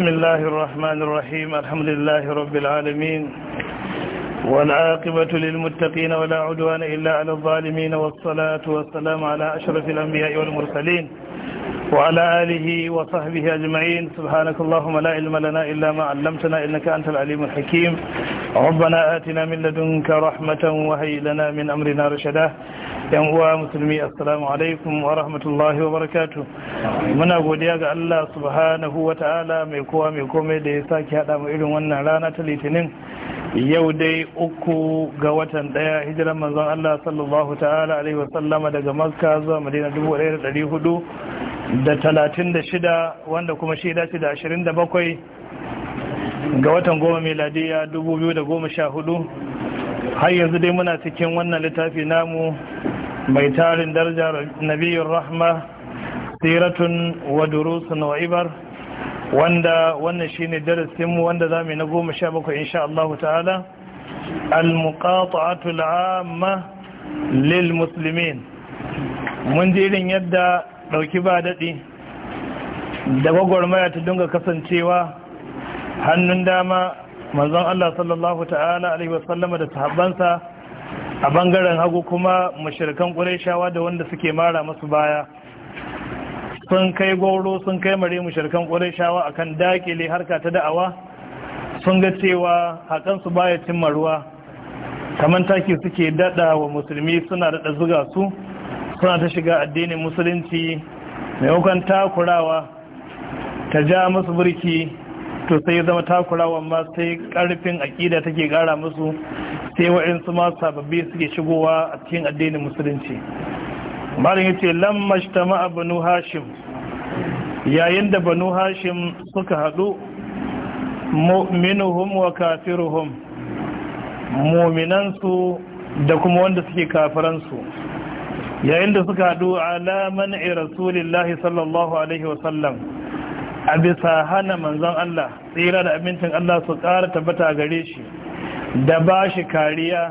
بسم الله الرحمن الرحيم الحمد لله رب العالمين والعاقبة للمتقين ولا عدوان إلا على الظالمين والصلاة والسلام على أشرف الأنبياء والمرسلين وعلى آله وصحبه أجمعين سبحانك اللهم لا علم لنا إلا ما علمتنا إنك أنت العليم الحكيم ربنا آتنا من لدنك رحمة وهي لنا من أمرنا رشدا yan uwa musulmi assalamu alaikum wa rahmatullahi wa barakatu muna godiya ga Allah subhanahu wa ta'ala mai kowa mai komai da ya sake hada mu irin wannan rana ta litinin yau dai uku ga watan daya hijiran manzon Allah sallallahu ta'ala alaihi wa sallama daga makka zuwa madina ɗaya da da talatin shida, wanda kuma shi dace da ashirin da bakwai. ga watan goma miladiya hudu. har yanzu dai muna cikin wannan littafi namu mai tarin darajar nabiyar rahma siratun wa durusun wa ibar wanda wannan shine darasinmu wanda za mu na goma sha bakwai insha Allah ta'ala al-muqata'atu al lil muslimin mun ji irin yadda dauki ba dadi da gwagwarmaya ta dinga kasancewa hannun dama manzon Allah sallallahu ta'ala alaihi wasallama da sahabbansa a bangaren hagu kuma mashirkan ƙuraishawa da wanda suke mara masu baya sun kai goro sun kai mare mashirkan a kan dakile harka ta da'awa sun ga cewa haƙansu baya cimma ruwa kamar taki suke daɗa wa musulmi suna daɗa zuga su suna ta shiga addinin musulunci maimakon takurawa ta ja masu birki. to sai ya zama takurawa ma sai karfin aƙida take gara musu sai wa'insu ma sababbi suke shigowa a cikin addinin musulunci malin ce lamma a banu hashim yayin da banu hashim suka haɗu mu'minuhum wa kafiruhum mu'minansu da kuma wanda suke kafiransu yayin da suka haɗu alaman rasulillahi sallallahu alaihi wasallam a bisa hana manzon Allah tsira da abincin Allah su ƙara tabbata gare shi da ba shi kariya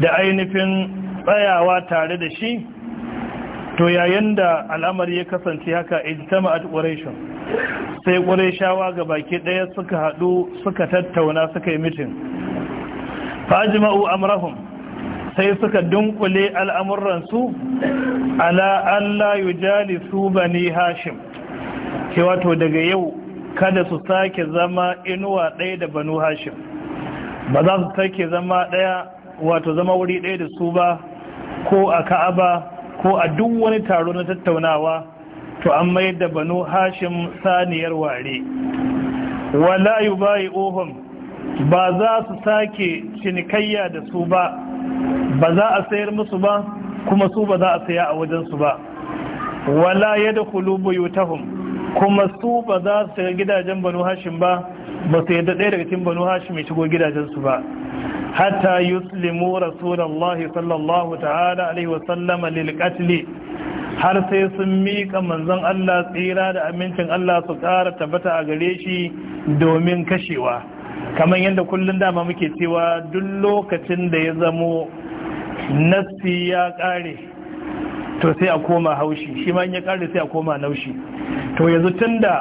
da ainihin tsayawa tare da shi to yayin da al'amari ya kasance haka ijtama at quraishun sai quraishawa ga baki ɗaya suka haɗu suka tattauna suka yi mitin fajma'u amrahum sai suka dunkule al'amuransu ala Allah yujalisu bani hashim ce wato daga yau kada su sake zama inuwa ɗaya da banu hashim ba za su sake zama ɗaya wato zama wuri ɗaya da su ba ko a ka'aba ko a duk wani taro na tattaunawa to an mayar da banu hashim saniyar ware wala bayi ohun ba za su sake cinikayya da su ba ba za a sayar musu ba kuma su ba za a saya a wajensu ba wala ya da kulubu yutahun kuma su ba za su shiga gidajen banu hashim ba ba su yadda ɗaya daga cikin banu hashim ya shigo gidajensu ba hatta yuslimu rasulullahi sallallahu ta'ala alaihi lil qatl har sai sun mika manzon Allah tsira da amincin Allah su ƙara tabbata a gare shi domin kashewa kamar yadda kullum dama muke cewa duk lokacin da ya zamo nasi ya ƙare to sai a koma haushi shi ma ya kare sai a koma naushi to yanzu tun da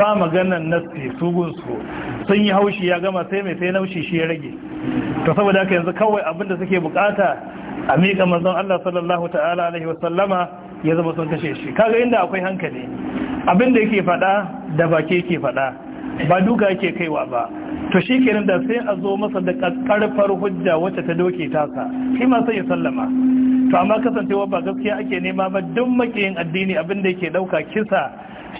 ba maganan nasti su sun yi haushi ya gama sai mai sai naushi shi ya rage to saboda haka yanzu kawai abin da suke bukata a miƙa manzon Allah sallallahu ta'ala alaihi wa sallama ya zama sun kashe shi kaga inda akwai hankali abin da yake faɗa da bake yake faɗa ba duka yake kaiwa ba to shi kenan da sai a zo masa da ƙarfar hujja wacce ta doke tasa shi ma sai ya sallama to amma kasancewa ba gaskiya ake nema ba duk makiyin addini abin da yake dauka kisa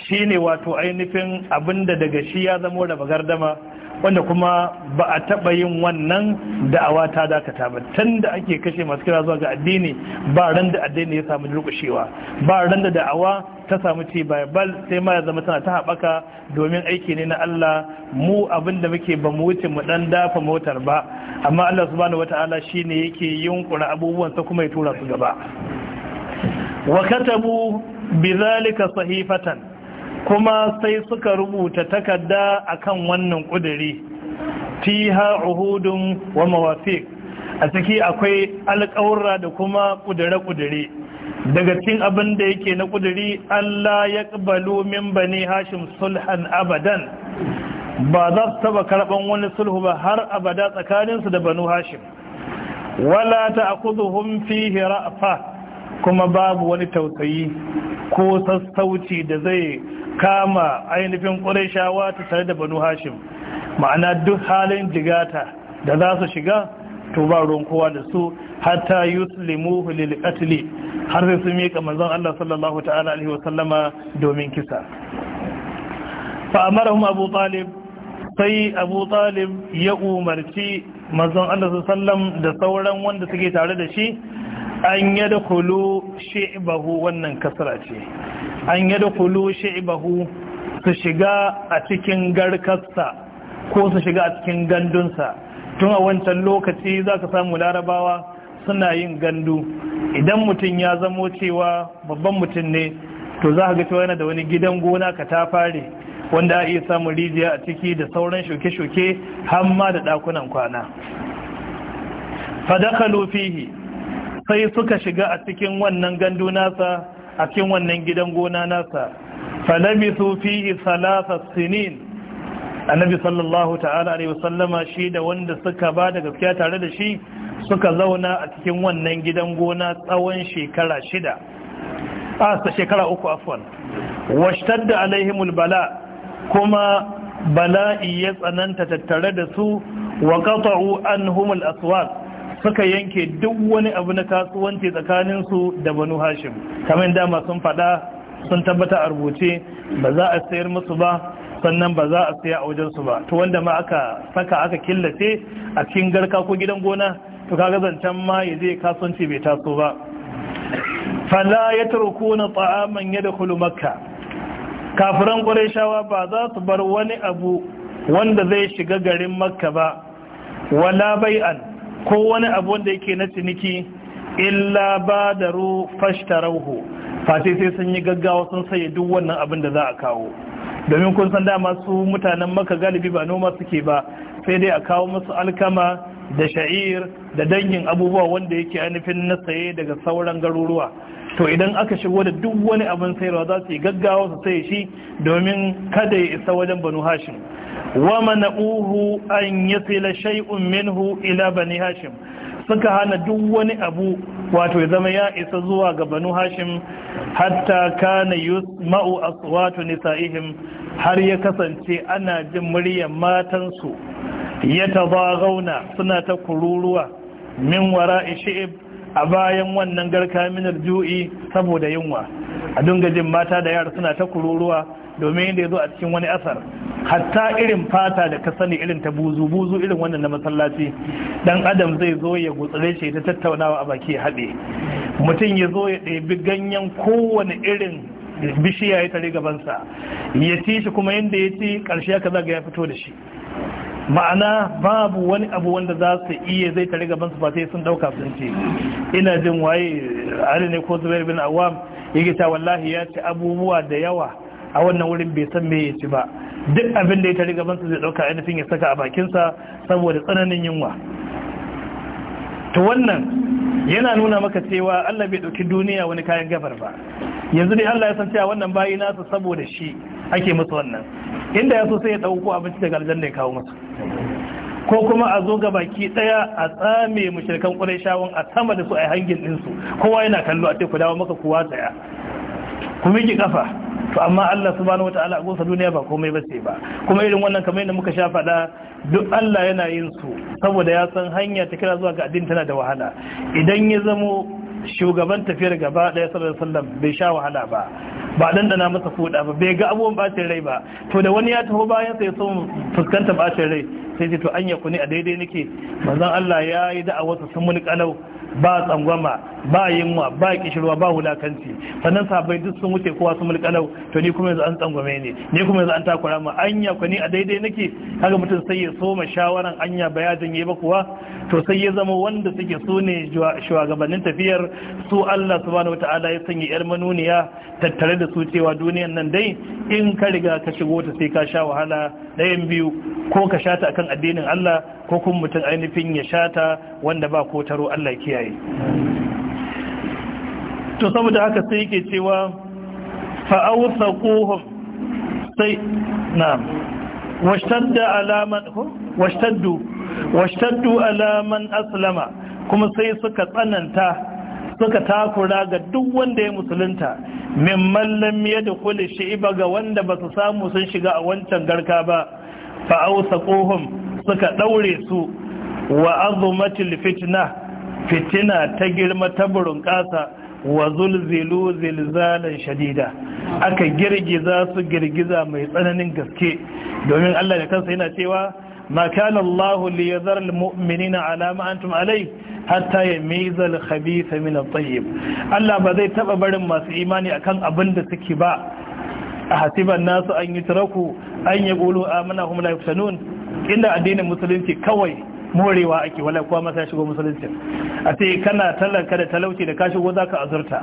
shine wato ainihin abin da daga shi ya zama da bagardama wanda kuma ba a taɓa yin wannan da'awa ta dakata ba tun da ake kashe masu kira zuwa ga addini ba ran da addini ya samu durƙushewa ba ran da da'awa ta samu ci Ba bal sai ma ya zama tana ta haɓaka domin aiki ne na Allah mu abinda muke ba mu wuce mu ɗan dafa motar ba amma Allah subhanahu wata'ala ne yake yunkura abubuwan sa kuma ya tura su gaba wa katabu bi zalika sahifatan kuma sai suka rubuta takarda akan wannan ƙudiri fiha uhudun wa mawafiq a ciki akwai alƙawurra da kuma ƙudire-ƙudire daga cikin abin da yake na ƙudiri Allah ya ƙabalu min bani hashim sulhan abadan ba za su taba karɓan wani sulhu ba har abada tsakaninsu da banu hashim wala ta akuduhun fihi ra'afa kuma babu wani tausayi ko sassauci da zai kama ainihin ƙurashawa ta tare da banu hashim ma'ana duk halin jigata da za su shiga to ba ruwan kowa da su hatta yuslimu lil atli har sai sun miƙa manzon Allah sallallahu ta'ala alaihi wa sallama domin kisa fa amarahum abu talib sai abu talib ya umarci manzon Allah sallallahu da sauran wanda suke tare da shi an da kulu shi'ibahu wannan kasara ce an da kulu shi'ibahu su shiga a cikin garkarsa ko su shiga a cikin gandunsa tun a wancan lokaci za ka samu larabawa suna yin gandu idan mutum ya zamo cewa babban mutum ne to za ka ga wani da wani gidan gona ka ta fare wanda a iya samun rijiya a ciki da sauran shuke-shuke hamma da ɗakunan kwana fadakalu fihi sai suka shiga a cikin wannan gandu nasa a cikin wannan gidan gona nasa falabisu fihi salasa sinin annabi sallallahu ta'ala alaihi wasallama shi da wanda suka ba da gaskiya tare da shi suka zauna a cikin wannan gidan gona tsawon shekara shida ah, a shekara uku afwan da alaihimul bala kuma bala'i ya tsananta tattare da su wa qata'u anhumul aswaq suka yanke duk wani abu na kasuwanci tsakaninsu da banu hashim kamar dama sun faɗa sun tabbata a rubuce ba za a sayar musu ba sannan ba za a saya a wajensu ba to wanda ma aka saka aka killace a cikin garka ko gidan gona to kaga zancen ma ya je kasuwanci bai taso ba fala ya turku na ta'aman ya da makka kafiran ƙwarishawa ba za su bar wani abu wanda zai shiga garin makka ba wala bai'an ko wani abu wanda yake na ciniki illa ba da badaru fashtarauhu fashe sai sun yi gaggawa sun saye duk wannan abin da za a kawo domin kun san dama su mutanen maka galibi ba noma suke ba sai dai a kawo musu alkama da sha'ir da dangin abubuwa wanda yake ainihin na saye daga sauran garuruwa to idan aka shigo da duk wani abin sayarwa za su yi gaggawa su saye shi domin kada ya isa wajen banu hashim wa mana'uhu an yasila shay'un minhu ila bani hashim suka hana duk wani abu wato ya zama ya isa zuwa ga banu hashim hatta kana yusma'u aswatu nisa'ihim har ya kasance ana jin muryar matansu ya tabagauna suna ta kururuwa min wara'i shi'ib a bayan wannan garka minar ju'i saboda yunwa a dinga jin mata da yara suna ta kururuwa domin yadda ya zo a cikin wani asar hatta irin fata da ka sani irin ta buzu buzu irin wannan na masallaci dan adam zai zo ya gutsure shi ta tattaunawa a baki haɗe mutum ya zo ya ɗebi ganyen kowane irin bishiya ya tare gabansa ya ci shi kuma yadda ya ci ƙarshe ya kaza ga ya fito da shi ma'ana babu wani abu wanda za su iya zai tare gabansa ba sai sun ɗauka sun ce ina jin waye ali ne ko zubair bin awam yake ta wallahi ya ci abubuwa da yawa a wannan wurin bai san me ya ci ba duk abin da ya tari gabansa zai dauka ainihin ya saka a bakinsa saboda tsananin yunwa to wannan yana nuna maka cewa Allah bai dauki duniya wani kayan gabar ba yanzu dai Allah ya san cewa wannan bayi nasa saboda shi ake musu wannan inda ya so sai ya dauko abinci daga aljanna ya kawo musu ko kuma a zo ga baki daya a tsame mushrikan qurayshawan a sama da su a hangin ɗinsu kowa yana kallo a ku dawo maka kowa daya ku miki kafa to amma Allah subhanahu wataala a gosa duniya ba komai ba ce ba kuma irin wannan kamar yadda muka sha faɗa duk Allah yana yin su saboda ya san hanya ta kira zuwa ga addini tana da wahala idan ya zamo shugaban tafiyar gaba ɗaya sallallahu alaihi bai sha wahala ba ba dandana masa fuda ba bai ga abubuwan bacin rai ba to da wani ya taho bayan sai so fuskantar bacin rai sai ce to an yaku ne a daidai nake manzon Allah ya yi da'awar sun muni kalau ba tsangwama ba yinwa ba kishirwa ba wulakanci sannan sabai duk sun wuce kowa sun mulkalau to ni kuma yanzu an tsangwame ne ni kuma yanzu an takura ma anya ku ni a daidai nake kaga mutum sai ya soma shawaran anya bayanin yayi ba kuwa to sai ya zama wanda suke su ne shugabannin tafiyar su Allah subhanahu wataala ya sanya yar manuniya tattare da su cewa duniyan nan dai in ka riga ka shigo ta sai ka sha wahala 'yan biyu ko ka sha ta akan addinin Allah ko kuma mutum ainihin ya shata wanda ba ko taro Allah kiyaye to saboda haka sai yake cewa fa'awsaquhum sai na'am washtadda alaman washtaddu alaman aslama kuma sai suka tsananta suka takura ga duk wanda ya musulunta min mimman da yadkhul shi'ba ga wanda ba su samu sun shiga a wancan garka ba fa'awsaquhum suka ɗaure su wa azumatul fitna fitina ta girma ta burin ƙasa wa zulzilu zilzalan shadida aka girgiza su girgiza mai tsananin gaske domin Allah da kansa yana cewa ma kana Allah li yazar al mu'minina ala ma antum alai hatta yamiza al khabitha min al tayyib Allah ba zai taba barin masu imani akan abin da suke ba a hasiban nasu an yi taraku an yi amana hum la yaftanun inda addinin musulunci kawai morewa ake wala kuwa masa shigo musulunci a ce kana tallanka da talauci da ka shigo za ka azurta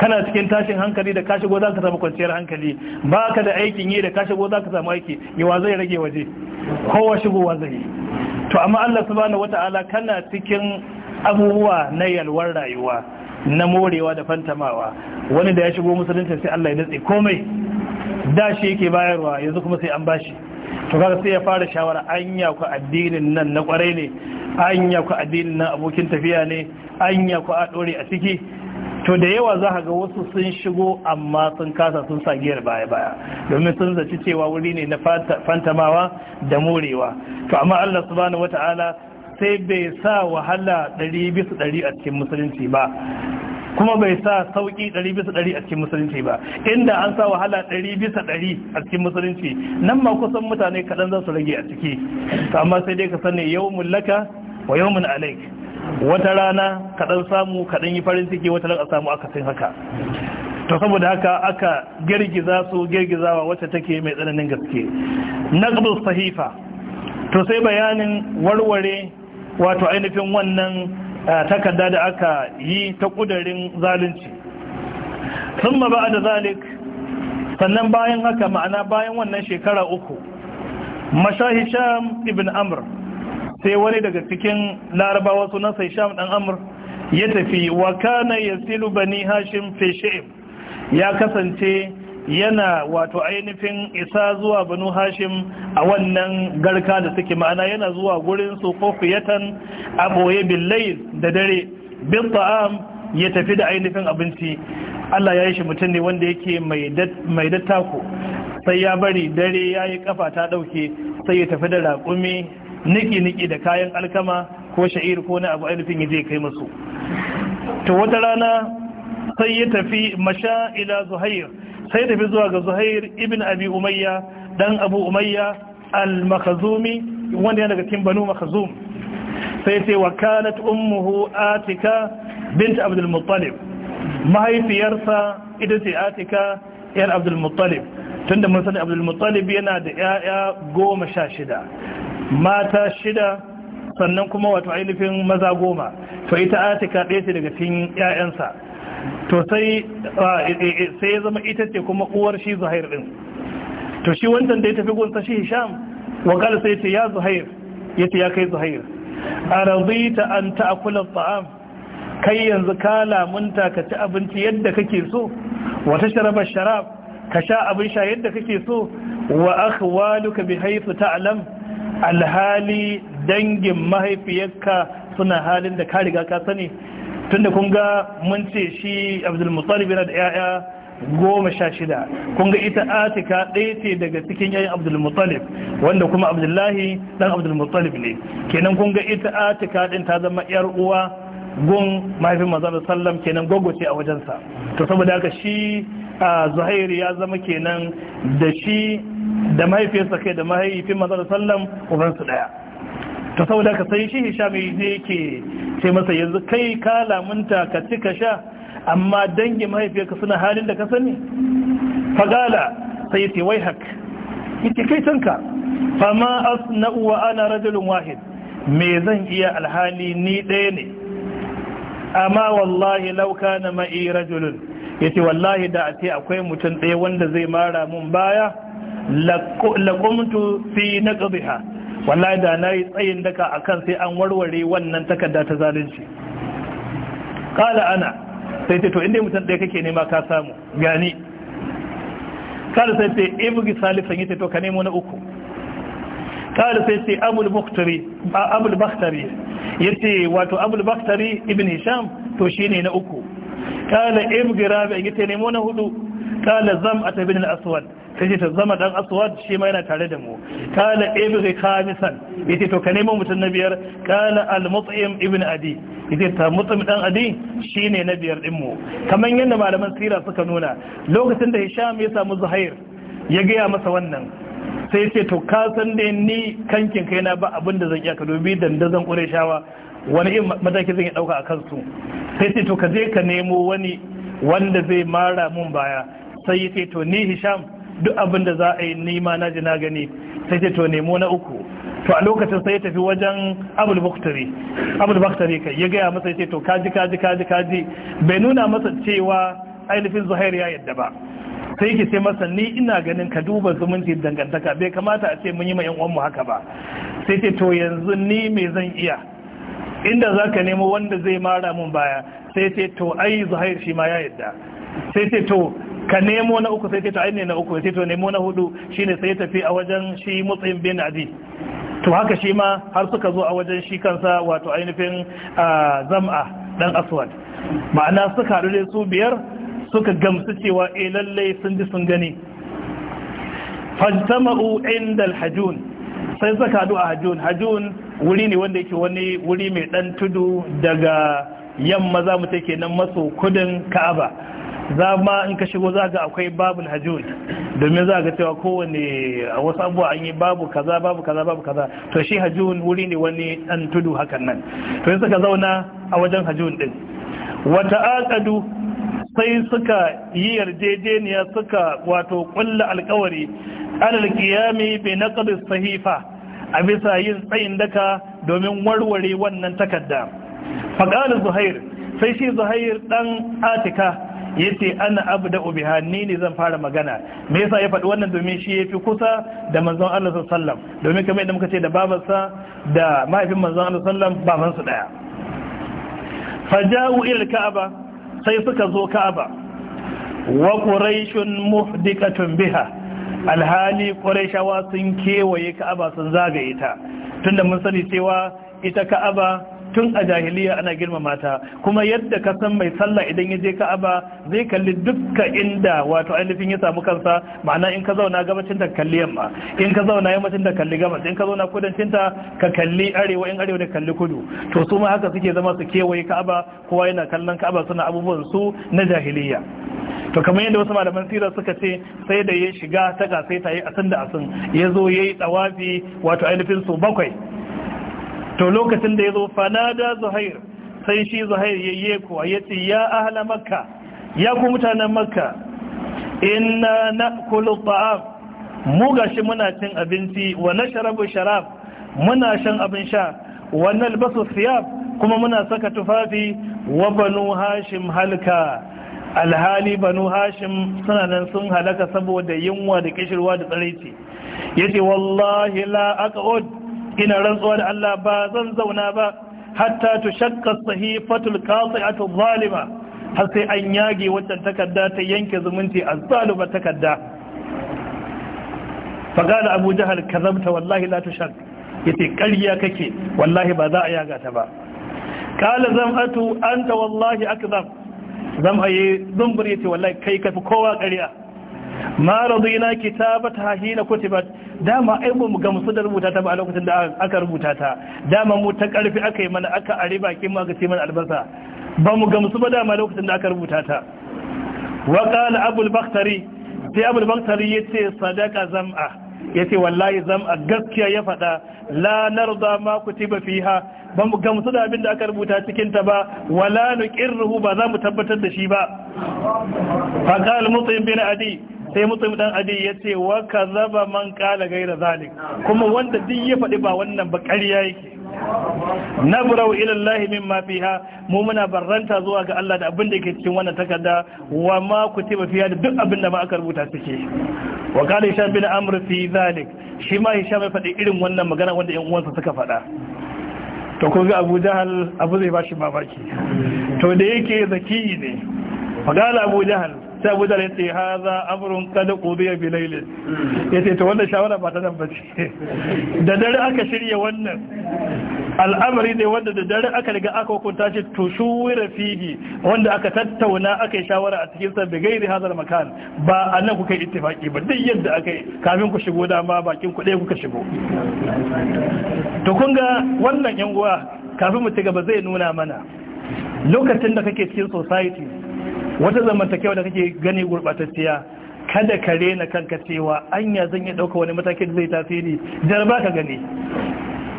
kana cikin tashin hankali da ka shigo za ka samu kwanciyar hankali ba ka da aikin yi da ka shigo za ka samu aiki yawa zai rage waje kowa wa zai yi to amma allah subhanahu wata'ala kana cikin abubuwa na yalwar rayuwa na morewa da fantamawa wani da ya shigo musulunci sai allah ya datse komai da shi yake bayarwa yanzu kuma sai an bashi to sai ya fara shawara anya ku addinin nan na kwarai ne anya ku addinin nan abokin tafiya ne anya ku a dore a ciki to da yawa za ga wasu sun shigo amma sun kasa sun sagiyar baya-baya domin sun zaci cewa wuri ne na fantamawa da morewa to amma Allah subhanahu wata'ala sai bai sa wahala ɗari bisa ɗari a cikin musulunci ba kuma bai sa sauki 100 bisa a cikin musulunci ba inda an sa wahala 100 bisa a cikin musulunci nan ma kusan mutane kaɗan za su rage a ciki amma sai dai ka sani yawmun laka wa yawmun alaik wata rana kaɗan samu kaɗan yi farin ciki wata rana samu samu akasin haka to saboda haka aka girgiza su girgizawa wacce take mai tsananin gaske naqdus sahifa to sai bayanin warware wato ainihin wannan takarda da aka yi ta kudarin zalunci sun ba da zalik sannan bayan haka ma'ana bayan wannan shekara uku mashahisham ibn amr sai wani daga cikin larabawa sunansa hisham Ɗan amr ya tafi wa kana yasilu bani hashim fi ya kasance yana wato ainihin isa zuwa banu hashim a wannan garka da suke ma'ana yana zuwa gurin su ko a aboye billai da dare bin ta'am ya tafi da ainihin abinci Allah ya yi shi mutum ne wanda yake mai dattako sai ya bari dare ya yi kafa ta ɗauke sai ya tafi da raƙumi niki-niki da kayan alkama ko sha'ir ko na abu ainihin ya je kai masu. to wata rana sai ya tafi masha ila zuhair sai tafi zuwa ga zuhair ibn abi umayya dan abu umayya al-makhazumi wanda yana daga cikin banu makhazum sai ce wa kanat ummuhu atika bint abdul muttalib mahaifiyarsa ita ce atika yar abdul muttalib tunda mun sani abdul muttalib yana da yaya goma sha shida mata shida sannan kuma wato ainihin maza goma to ita atika ɗaya ce daga cikin yayansa to sai e, e, e, sai ya zama ita ce kuma uwar shi zuhair din to shi wancan da ya tafi gunsa shi hisham wakala sai ce ya zuhair ya ce ya kai zuhair a rabita an ta'akula ta'am kai yanzu ka lamunta ka ci abinci yadda kake so wata sharaba sharab ka sha abin sha yadda kake so wa akhwaluka bi haythu ta'lam alhali dangin mahaifiyarka suna halin da ka riga ka sani tunda kun ga mun ce shi Muttalib yana da 'ya'ya goma sha shida kun ga ita atika ɗaya ce daga cikin yayin Muttalib wanda kuma abdullahi ɗan Muttalib ne kenan kun ga ita atika ɗin ta zama 'yar uwa gun mahaifin da sallam kenan gwagwace a wajensa to saboda haka shi a zuhairi ya zama kenan da shi da mahaifiyarsa kai da mahaifin da sallam ubansu ɗaya ta da ka sai shi hishami ne yake ce masa yanzu kai ka lamunta ka ci ka sha amma dangin mahaifiyarka suna halin da ka sani fagala sai yace wai hak Ita kai tanka fama asna'u wa ana rajulun wahid me zan iya alhali ni ɗaya ne amma wallahi lauka na ma'i rajulun ce wallahi da a ce akwai mutum ɗaya wanda zai mara mun baya laqumtu fi naqdha wallahi da na yi tsayin daka akan sai an warware wannan takarda ta zalunci kala ana sai ce to inda mutum ɗaya kake nema ka samu gani kala sai ce ibgi salisan yace to ka nemo na uku kala sai ce abul bakhtari ya bakhtari yace wato abul bakhtari ibn hisham to shine na uku kala ibgi rabi yace nemo na hudu kala a ibn al-aswad sai ce ta zama dan aswad shi ma yana tare da mu kala ibri eh, khamisan yace to ka nemo mutum na biyar kala al-mut'im ibn adi yace ta mut'im dan adi shine na biyar din mu kaman yanda malaman sira suka nuna lokacin da hisham ya samu zuhair ya gaya masa wannan sai ce to ka san da ni kankin kaina ba abin da zan iya ka dubi kure shawa wani irin mataki zan yi ɗauka a kansu sai ce to ka je ka nemo wani wanda zai mara mun baya sai yace to ni hisham duk abin da za a yi nima na ji na gani sai ce to nemo na uku to a lokacin sai ya tafi wajen abul baktari abul baktari kai ya gaya masa ya ce to kaji kaji kaji kaji bai nuna masa cewa ainihin zuhair ya yadda ba sai yake ce masa ni ina ganin ka duba zumunci dangantaka bai kamata a ce mun yi ma yan uwanmu haka ba sai ce to yanzu ni me zan iya inda za ka nemo wanda zai mara mun baya sai ce to ai zuhair shi ma ya yadda sai ce to ka nemo na uku sai ta to na uku sai to nemo na hudu shine sai tafi a wajen shi mutsin bin adi to haka shi ma har suka zo a wajen shi kansa wato ainihin zam'a dan aswad ma'ana suka haɗu da su biyar suka gamsu cewa e lallai sun ji sun gani fajtama'u inda Hajun sai suka haɗu a hajun hajun wuri ne wanda yake wani wuri mai ɗan tudu daga yamma za mu take nan maso kudin ka'aba za ma in ka shigo za ga akwai babul hajjoj domin za ga cewa kowane a wasu abuwa an yi babu kaza babu kaza babu kaza to shi hajjun wuri ne wani an tudu hakan nan to yin suka zauna a wajen hajjun din wata akadu sai suka yi yarjejeniya suka wato kulla alkawari alal qiyami bi naqd sahifa a bisa yin tsayin daka domin warware wannan takarda faqala zuhair sai shi zuhair dan atika yace ana abda'u biha ni ne zan fara magana me yasa ya faɗi wannan domin shi yafi kusa da manzon Allah sallallahu domin kamar yadda muka ce da babarsa da mahaifin manzon Allah sallallahu alaihi wasallam baban su daya faja'u ila ka'aba sai suka zo ka'aba wa quraishun muhdikatun biha alhali quraishawa sun kewaye ka'aba sun zagaye ta tunda mun sani cewa ita ka'aba tun a jahiliya ana girma mata kuma yadda ka san mai sallah idan ya je ka'aba zai kalli dukka inda wato ainihin ya samu kansa ma'ana in ka zauna gabacin da kalli yamma in ka zauna yammacin da kalli gabas in ka zauna kudancin ta ka kalli arewa in arewa da kalli kudu to su ma haka suke zama su kewaye ka'aba kowa yana kallon ka'aba suna abubuwan su na jahiliya to kamar yadda wasu malaman sirar suka ce sai da ya shiga ta gasai ta yi a da asin ya zo ya yi tsawafi wato ainihin su bakwai to lokacin da ya zo fanada zuhair sai shi zuhair ya yi kuwa ya ce ya ahala makka ya ku mutanen makka Ina na kulu muga shi muna cin abinci wa na sharabu sharaf, muna shan abin sha wa nalbasu siyab kuma muna saka tufafi wa banu hashim halka alhali banu hashim suna nan sun halaka saboda yunwa da kishirwa da tsaraici yace wallahi la aqud ina rantsuwa da Allah ba zan zauna ba hatta tu shakka sahifatul qati'atu zalima har sai an yage wannan takarda ta yanke zumunci zaluba takarda fagala abu jahal kazabta wallahi la tushak yace ƙarya kake wallahi ba za a yaga ta ba kala zam'atu anta wallahi akzab zam ayi zumbur yace wallahi kai kafi kowa ƙarya ma radina kitabata hina kutibat dama ai ba mu gamsu da rubuta ta ba a lokacin da aka rubuta ta dama mu ta karfi aka yi mana aka ari bakin mu aka ce mana albasa ba mu gamsu ba dama lokacin da aka rubuta ta wa qala abul bakhtari sai abul bakhtari yace sadaqa zam'a yace wallahi zam'a gaskiya ya faɗa la narda ma kutiba fiha ba mu gamsu da abin da aka rubuta cikin ta ba wala nuqirruhu ba za mu tabbatar da shi ba fa qala mutim bin adi sai mutum dan adi ya ce wa kazaba man kala gaira zalik kuma wanda duk ya faɗi ba wannan ba ƙarya yake nabrau ila Allah mimma fiha mu muna barranta zuwa ga Allah da abin da yake cikin wannan takarda wa ma kutiba fiha da duk abin da ma aka rubuta suke wa qala hisham bin amr fi zalik shi ma hisham ya faɗi irin wannan magana wanda ƴan uwansa suka faɗa to kun ga Abu Jahal abu zai bashi mamaki to da yake zaki ne fa qala Abu Jahal sai abu da yace eh, haza Amurin kada qudiya bi Ya ce to wanda shawara ba ta nan ce da dare aka shirya wannan al'amari ne wanda da dare aka riga aka hukunta shi to shuwira fihi wanda aka tattauna aka yi shawara a cikin sabbin gairi hazar makan ba a nan kuka yi ittifaki ba duk yadda aka yi kafin ku shigo dama bakin ku ɗaya kuka shigo to kun ga wannan yan uwa kafin mu ci gaba zai nuna mana lokacin da kake cikin society wata zamantakewa da kake gani gurbatacciya kada ka rena kanka cewa anya zan yi dauka wani matakin zai tasiri jarba ka gani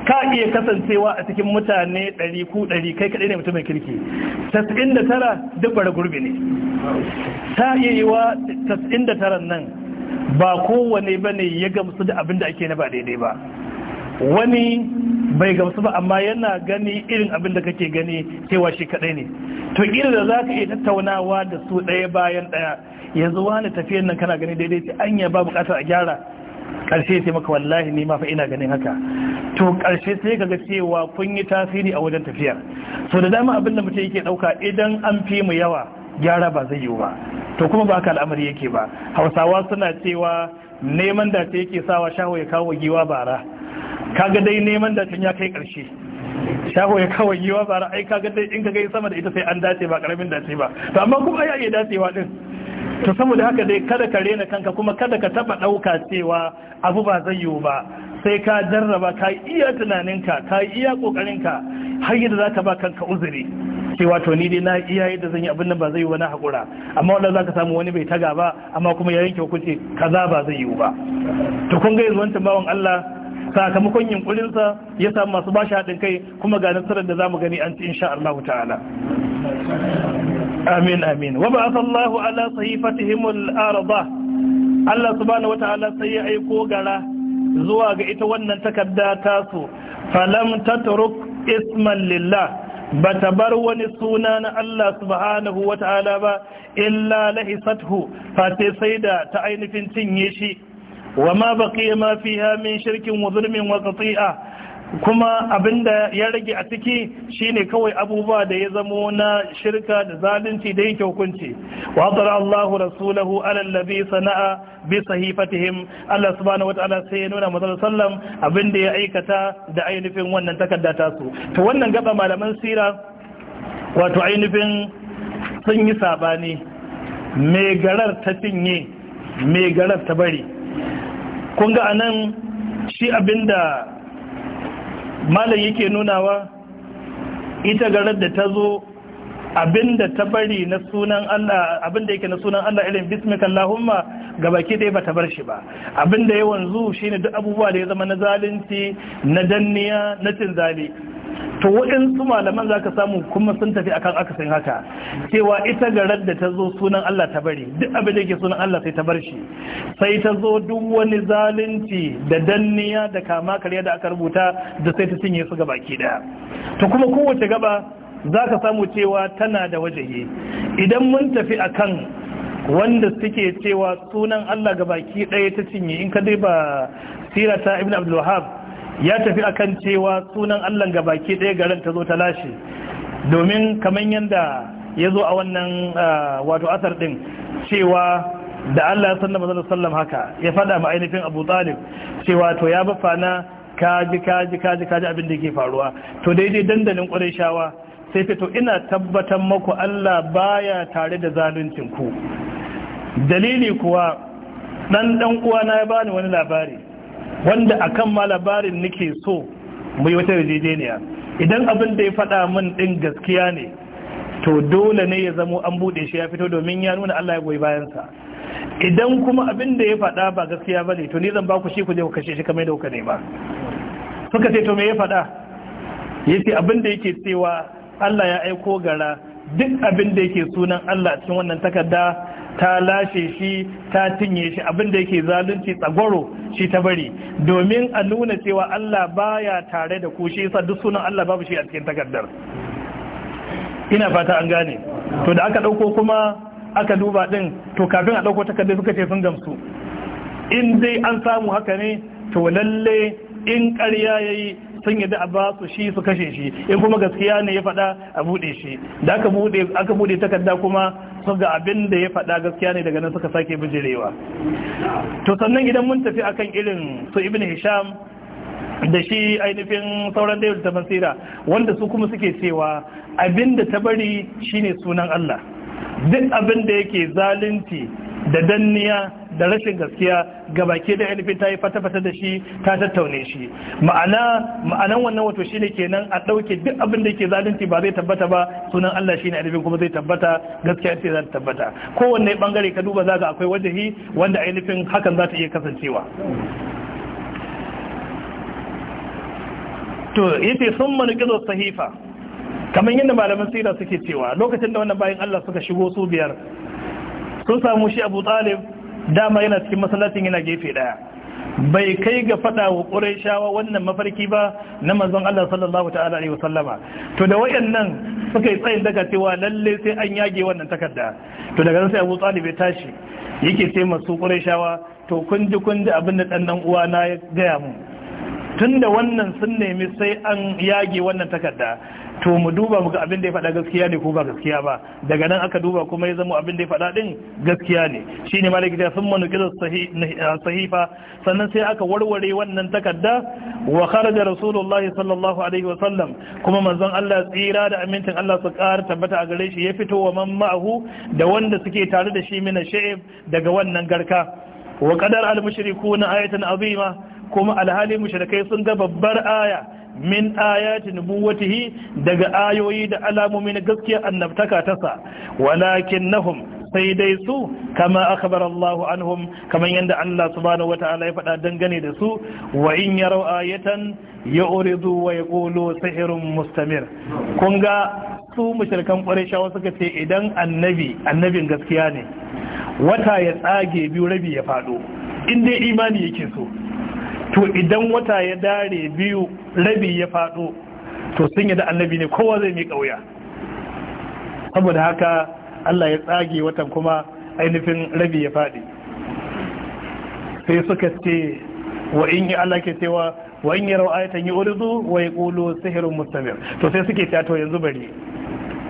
ka iya kasancewa a cikin mutane 100 ku 100 kai kadai ne mutumin kirki 99 duk bara gurbi ne ta iya yi wa 99 nan ba kowane bane ya gamsu da abin da ake na ba daidai ba wani bai gamsu ba amma yana gani irin abin da kake gani cewa shi kadai ne to irin da zaka iya tattaunawa da su ɗaya bayan ɗaya yanzu wani tafiyar nan kana gani daidai ce anya ba bukatar a gyara karshe sai maka wallahi ni ma fa ina ganin haka to karshe sai kaga cewa kun yi tasiri a wajen tafiyar so da dama abin da mutum yake ɗauka idan an fi mu yawa gyara ba zai yiwu ba to kuma ba haka al'amari yake ba hausawa suna cewa neman da ta yake sawa shawo ya kawo giwa bara kaga dai neman tun ya kai karshe shago ya kawai ba bara ai kaga dai in kaga sama da ita sai an dace ba karamin dace ba to amma kuma yaya iya dacewa din to saboda haka dai kada ka rena kanka kuma kada ka taba dauka cewa abu ba zai yiwu ba sai ka jarraba ka iya tunaninka ka iya kokarinka har yadda zaka ba kanka uzuri cewa to ni dai na iya yadda zan yi abin nan ba zai yiwu na haƙura amma wanda za samu wani bai taga ba amma kuma ya yanke hukunci kaza ba zai yiwu ba to kun ga yanzu wancan bawan Allah sakamakon yunkurinsa ya samu masu bashi haɗin kai kuma ga nasarar da zamu gani an ci insha Allah ta'ala amin amin wa ba sallahu ala sahifatihim al-arda Allah subhanahu wata'ala sai ya aiko gara zuwa ga ita wannan takarda ta su falam tatruk isman lillah ba ta bar wani suna na Allah subhanahu wataala ba illa lahisathu fate sai da ta ainihin cinye shi wa ma baqiya min shirkin wa zulmin wa qati'a kuma abinda ya rage a ciki shine kawai abubuwa da ya zamo na shirka da zalunci da yake hukunci wa tsara Allahu rasulahu alal ladhi sana'a bi sahifatihim Allah subhanahu wataala sai ya nuna manzon sallam abinda ya aikata da ainihin wannan takarda ta su to wannan gaba malaman sira wato ainihin sun yi sabani mai garar ta cinye mai garar ta bari kun ga anan shi abinda malam yake nunawa ita garar da ta zo abinda ta bari na sunan Allah abinda yake na sunan Allah irin bismikallahumma gabaki dai bata bar shi ba abinda ya wanzu shine duk abubuwa da ya zama na zalunci na danniya na tinzali to waɗansu malaman za ka samu kuma sun tafi akan akasin haka cewa ita garar da ta zo sunan Allah ta bari duk abin da ke sunan Allah sai ta bar shi sai ta zo duk wani zalunci da danniya da kama karya da aka rubuta da sai ta cinye su gaba ki ɗaya. to kuma kowace gaba za ka samu cewa tana da wajehi idan mun tafi akan wanda suke cewa sunan Allah gaba ki ɗaya ta cinye in ka dai ba sirata ibn abdul wahab ya tafi akan cewa sunan Allah ga baki ɗaya garin ta zo ta lashe domin kamar yadda ya zo a wannan wato asar ɗin cewa da Allah ya sanna mazalar sallam haka ya faɗa ma ainihin abu talib cewa to ya bafa na kaji kaji kaji kaji abin da ke faruwa to daidai dandalin ƙwarai shawa sai fito ina tabbatar maku Allah baya tare da zaluncin ku dalili kuwa ɗan ɗan na ya bani wani labari wanda akan ma labarin nake so mai yi wata yarjejeniya idan abin da ya faɗa min ɗin gaskiya ne to dole ne ya zamo an buɗe shi ya fito domin ya nuna Allah ya goyi bayansa idan kuma abin da ya faɗa ba gaskiya ba ne to ni zan ba ku shi ku je ku kashe shi kamar da kuka nema suka ce to me ya faɗa ya abin da yake cewa Allah ya aiko gara duk abin da yake sunan Allah cikin wannan takarda ta lashe shi ta tinye shi abinda yake zalunci tsagwaro shi ta bari domin a nuna cewa Allah baya tare da ku shi duk sunan Allah babu shi a cikin takardar ina fata an gane to da aka dauko kuma aka duba din to kafin a dauko takardar suka ce sun gamsu in dai an samu haka ne to lalle in ƙarya yayi sun yi a ba su shi su kashe shi in kuma gaskiya ne ya fada a bude shi da aka bude aka bude takarda kuma su ga abin da ya fada gaskiya ne daga nan suka sake bijirewa to sannan idan mun tafi akan irin su ibn hisham da shi ainihin sauran da ta basira wanda su kuma suke cewa abin da ta bari shine sunan Allah duk abin da yake zalunci da danniya da rashin gaskiya ga baki da ainihin ta yi fata-fata da shi ta tattaune shi ma'ana wannan wato shi ne kenan a ɗauke duk abin da ke zalunci ba zai tabbata ba sunan Allah shi ne ainihin kuma zai tabbata gaskiya ce za ta tabbata kowanne bangare ka duba za ga akwai wajahi wanda ainihin hakan za ta iya kasancewa to yace sun manukizo sahifa kamar yadda malaman sira suke cewa lokacin da wannan bayan Allah suka shigo su biyar sun samu shi Abu Talib dama yana cikin masallacin yana gefe daya bai kai ga fada wa wannan mafarki ba na manzon Allah sallallahu ta'ala alaihi wasallama to da wayannan suka yi tsayin daga cewa lalle sai an yage wannan takarda to daga nan sai Abu Talib ya tashi yake ce masu ƙurayshawa to kun ji kun ji abin da dan nan uwa na ya gaya mu tunda wannan sun nemi sai an yage wannan takarda to mu duba muka abin da ya faɗa gaskiya ne ko ba gaskiya ba daga nan aka duba kuma ya zama abin da ya faɗa din gaskiya ne shi ne malaki ta sun sahifa sannan sai aka warware wannan takarda wa kharaja rasulullah sallallahu alaihi wasallam kuma manzon Allah tsira da amincin Allah su ƙara tabbata a gare shi ya fito wa man ma'ahu da wanda suke tare da shi mina sha'ib daga wannan garka wa qadar al na ayatan azima kuma alhali mushrikai sun ga babbar aya min ayati nubuwatihi daga ayoyi da alamomi na gaskiya annabtaka ta sa. tasa nahum sai dai su kama akhbar Allah anhum kaman yanda Allah subhanahu wataala ya faɗa dangane da su wa in yarau ayatan uridu wa yaqulu sihrun mustamir kun ga su mushrikan wasu suka ce idan annabi annabin gaskiya ne wata ya tsage biyu rabi ya faɗo in dai imani yake so to idan wata ya dare biyu rabi ya fado to sun yi da annabi ne kowa zai miƙa wuya saboda haka Allah ya tsage watan kuma ainihin rabi ya faɗi sai suka ce wa in yi Allah ke cewa wa in yi ra'ayatan yi urdu wa ya ƙulo sihirin mustamir to sai suke cewa to yanzu bari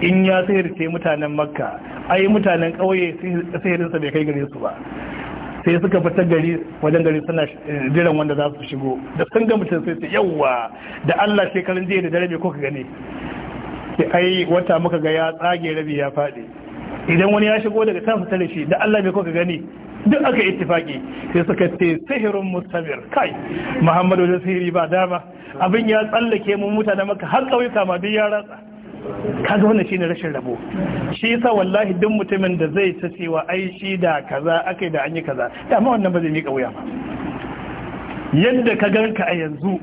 in ya sihirce mutanen makka ai mutanen ƙauye sihirinsa bai kai gare su ba sai suka fita gari wajen gari suna eh, jiran wanda za su shigo da sun ga mutum sai su yawa da Allah shekarun jiya da dare ko ka gani ke ai wata muka ga ya tsage rabi ya faɗi idan wani ya shigo daga ta fita da shi da Allah bai ko ka gani duk aka ittifaki sai suka ce sihirin mustamir kai Muhammadu da sihiri ba dama abin ya tsallake mu mutane maka har ƙauyuka ma duk ya ratsa Ka kaga shi ne rashin rabo shi sa wallahi duk mutumin da zai ta cewa ai shi da kaza akai da an yi kaza dama wannan ba zai mika wuya ba yadda ka ganka a yanzu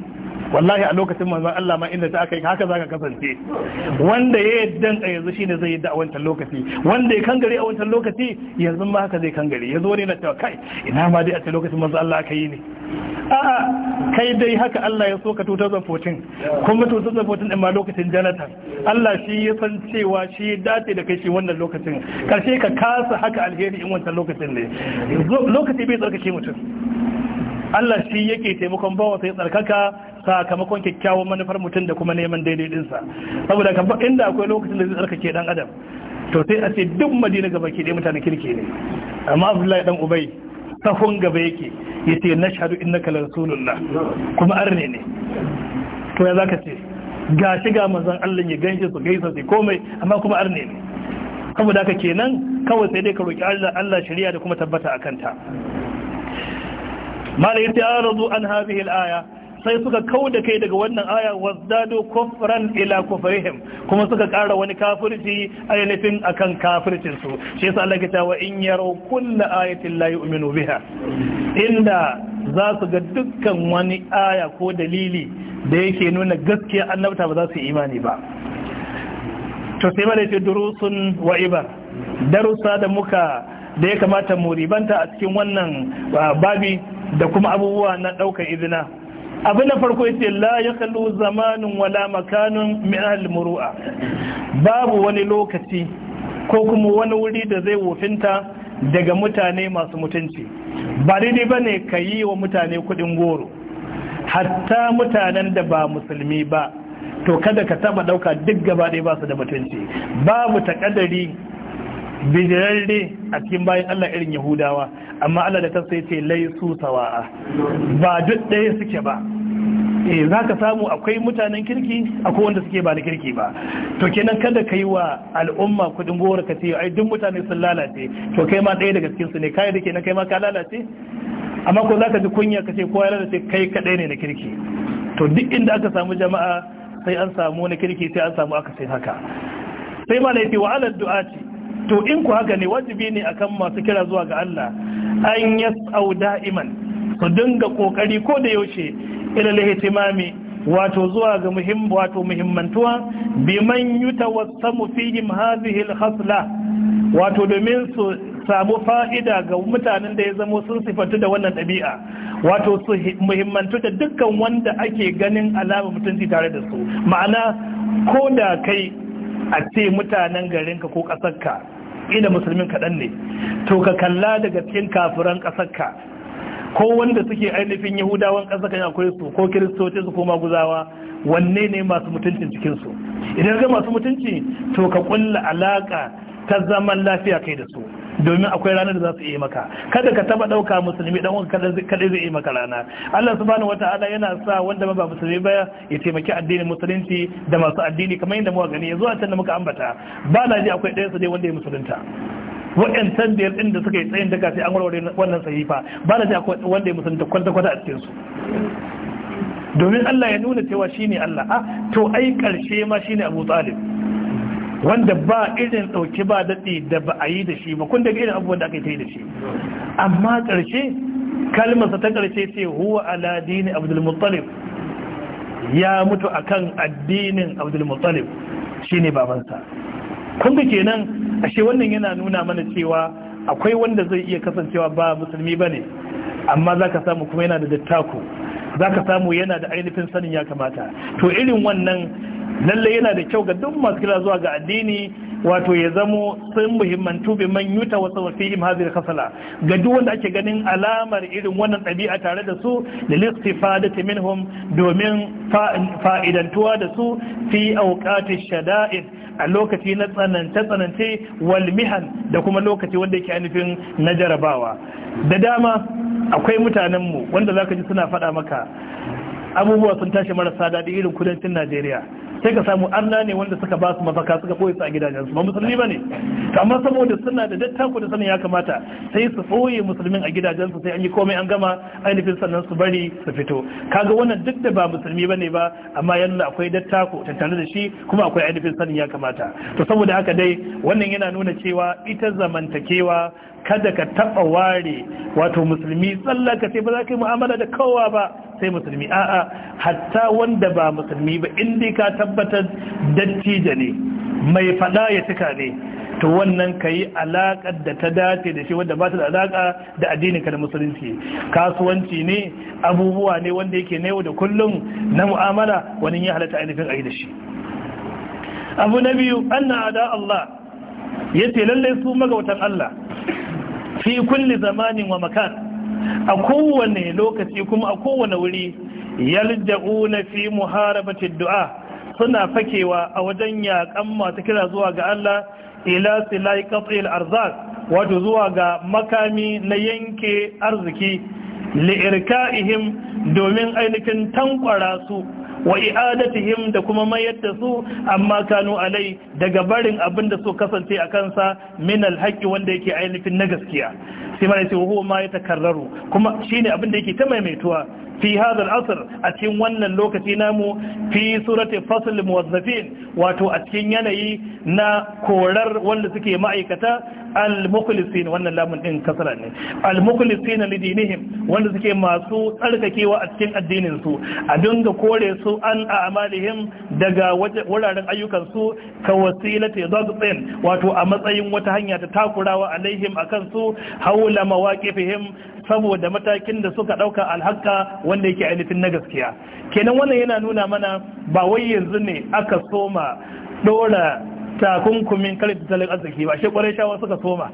wallahi a lokacin manzon Allah ma inda ta aka yi haka zaka kasance wanda ya yadda a yanzu shine zai yadda a wancan lokaci wanda ya kangare a wancan lokaci yanzu ma haka zai kangare yanzu wani na cewa kai ina ma dai a ce lokacin manzon Allah aka yi ne a'a kai dai haka Allah ya so ka 2014 kuma 2014 din ma lokacin Jonathan Allah shi ya san cewa shi ya dace da kai shi wannan lokacin karshe ka kasa haka alheri in wancan lokacin ne lokaci bai tsarkake mutum Allah shi yake taimakon bawa sai tsarkaka sakamakon kyakkyawan manufar mutum da kuma neman daidai dinsa saboda kamar inda akwai lokacin da zai tsarkake dan adam to sai a ce duk madina gaba ke dai mutane kirki ne amma abdullahi dan ubai sahun gaba yake yace nashhadu innaka rasulullah kuma arne ne to ya zaka ce ga shi ga manzon Allah ya ganshi su gaisa su komai amma kuma arne ne saboda haka kenan kawai sai dai ka roki Allah Allah shari'a da kuma tabbata akan ta mala yace an hadhihi al sai suka kau da kai daga wannan aya wazdadu kufran ila kufrihim kuma suka kara wani kafirci ainihin akan kafircin su shi yasa Allah ke wa in yaro kullu ayatin la yu'minu biha inda za su ga dukkan wani aya ko dalili da yake nuna gaskiya annabta ba za su imani ba to sai mala ce durusun wa ibar darussa da muka da ya kamata mu ribanta a cikin wannan ah, babi da kuma abubuwa na ɗaukar izina abin na farko yace la kallu zamanin wala makanun min murua babu wani lokaci ko kuma wani wuri da zai wofinta daga mutane masu mutunci ba daidai bane ka yi wa mutane kudin goro hatta mutanen da ba musulmi ba to kada ka taba dauka duk gaba ɗaya ba su da mutunci babu takadari bijirarre a cikin bayan Allah irin Yahudawa amma Allah da kansa yace laisu sawa'a ba duk ɗaya suke ba eh ka samu akwai mutanen kirki akwai wanda suke ba da kirki ba to kenan kada ka yi wa al'umma kudin gowar ka ce ai duk mutane sun lalace to kai ma ɗaya daga cikin su ne kai da kenan kai ma ka lalace amma ko za ka ji kunya ka ce ko ya lalace kai kaɗai ne na kirki to duk inda aka samu jama'a sai an samu na kirki sai an samu aka sai haka sai ma laifi wa du'a du'ati to in ku haka ne wajibi ne akan masu kira zuwa ga Allah an yas'au da'iman su dinga kokari ko da yaushe ila lihtimami wato zuwa ga muhim wato muhimmantuwa man yutawassamu fihim hadhihi al-khasla wato domin su samu fa'ida ga mutanen da ya zamo sun sifatu da wannan ɗabi'a wato su muhimmantu da dukkan wanda ake ganin alama mutunci tare da su ma'ana ko da kai a ce mutanen garinka ko ƙasarka ina musulmin kaɗan ne to ka kalla daga cikin kafiran ƙasarka ko wanda suke ainihin yahudawan kasarka ya akwai su ko kiristoci su ko guzawa wanne ne masu mutuncin cikinsu idan ga masu mutunci to ka ƙulla alaƙa ta zaman lafiya kai da su domin akwai ranar da za su yi maka kada ka taba dauka musulmi dan wanka kada zai yi maka rana Allah subhanahu wataala yana sa wanda ba musulmi ba ya taimaki addinin musulunci da masu addini kamar yadda muka gani yanzu a can da muka ambata ba na ji akwai ɗayan su dai wanda ya musulunta waɗancan da yadda da suka yi tsayin daga sai an warware wannan sahifa ba na ji akwai wanda ya musulunta kwata-kwata a cikin su. domin Allah ya nuna cewa shine Allah a ah, to ai karshe ma shine Abu Talib wanda ba irin ɗauki ba daɗi da ba a yi da shi ba kun daga irin abubuwan da aka yi da shi amma ƙarshe kalmarsa ta ƙarshe ce huwa ala dini abdulmuttalib ya mutu akan addinin shi shine babansa kun ga kenan ashe wannan yana nuna mana cewa akwai wanda zai iya kasancewa ba musulmi bane amma zaka samu kuma yana da dattako za ka samu yana da ainihin sanin ya kamata to irin wannan lalle yana da kyau ga duk masu kira zuwa ga addini wato ya zamo sun muhimman tubi man yuta mafi tsawafihim hadhihi kasala ga duk wanda ake ganin alamar irin wannan ɗabi'a tare da su da ta minhum domin fa'idantuwa da su fi awqati shada'id a lokaci na tsanance tsanance walmihan da kuma lokaci wanda yake ainihin na jarabawa da dama akwai mutanenmu mu wanda zaka ji suna faɗa maka abubuwa sun tashi marasa daɗi irin kudancin Najeriya sai ka samu arna ne wanda suka ba su mafaka suka koyi su a su ba musulmi ba ne amma saboda suna da dattako da sanin ya kamata sai su ɓoye musulmin a gidajensu sai an yi komai an gama ainihin sannan su bari su fito kaga wannan duk da ba musulmi ba ne ba amma yana akwai dattako tattare da shi kuma akwai ainihin sanin ya kamata to saboda haka dai wannan yana nuna cewa ita zamantakewa kada ka taɓa ware wato musulmi tsallaka sai ba za ka yi mu'amala da kowa ba sai musulmi a'a hatta wanda ba musulmi ba inda ka tabbatar dattija ne mai fada ya cika ne to wannan ka yi alaƙar da ta dace da shi wanda ba ta da alaƙa da ka da musulunci kasuwanci ne abubuwa ne wanda yake na yau da kullum na mu'amala wani ya halatta ainihin a yi da shi abu na biyu an na ada Allah ya ce lallai su magautan Allah fi kulli zamanin wa makan a kowane lokaci kuma a kowane wuri yalja'una fi muharabati du'a suna fakewa a wajen yaƙan masu kira zuwa ga Allah ila silai qat'il arzak wato zuwa ga makami na yanke arziki irka'ihim domin ainihin tankwara su wa i'adatihim da kuma mayar da su amma kanu alai daga barin abin da su kasance a kansa min alhaqi wanda yake ainihin na gaskiya sai mai sai huwa ma ya takarraru kuma shine abin da yake ta maimaituwa fi hadal asr a cikin wannan lokaci namu fi surati fasl muwazzafin wato a cikin yanayi na korar wanda suke ma'aikata al-mukhlisin wannan lamun din kasara ne al-mukhlisin lidinihim wanda suke masu tsarkakewa a cikin addinin su a dinga kore su su an a'malihim daga wuraren ayyukansu ka wasilati dagtsin wato a matsayin wata hanya ta takurawa alaihim akan su haula mawaqifihim saboda matakin da suka ɗauka alhaka wanda yake ainihin na gaskiya kenan wannan yana nuna mana ba wai yanzu ne aka soma dora takunkumin kare tattalin arziki ba shi ƙwarai shawa suka soma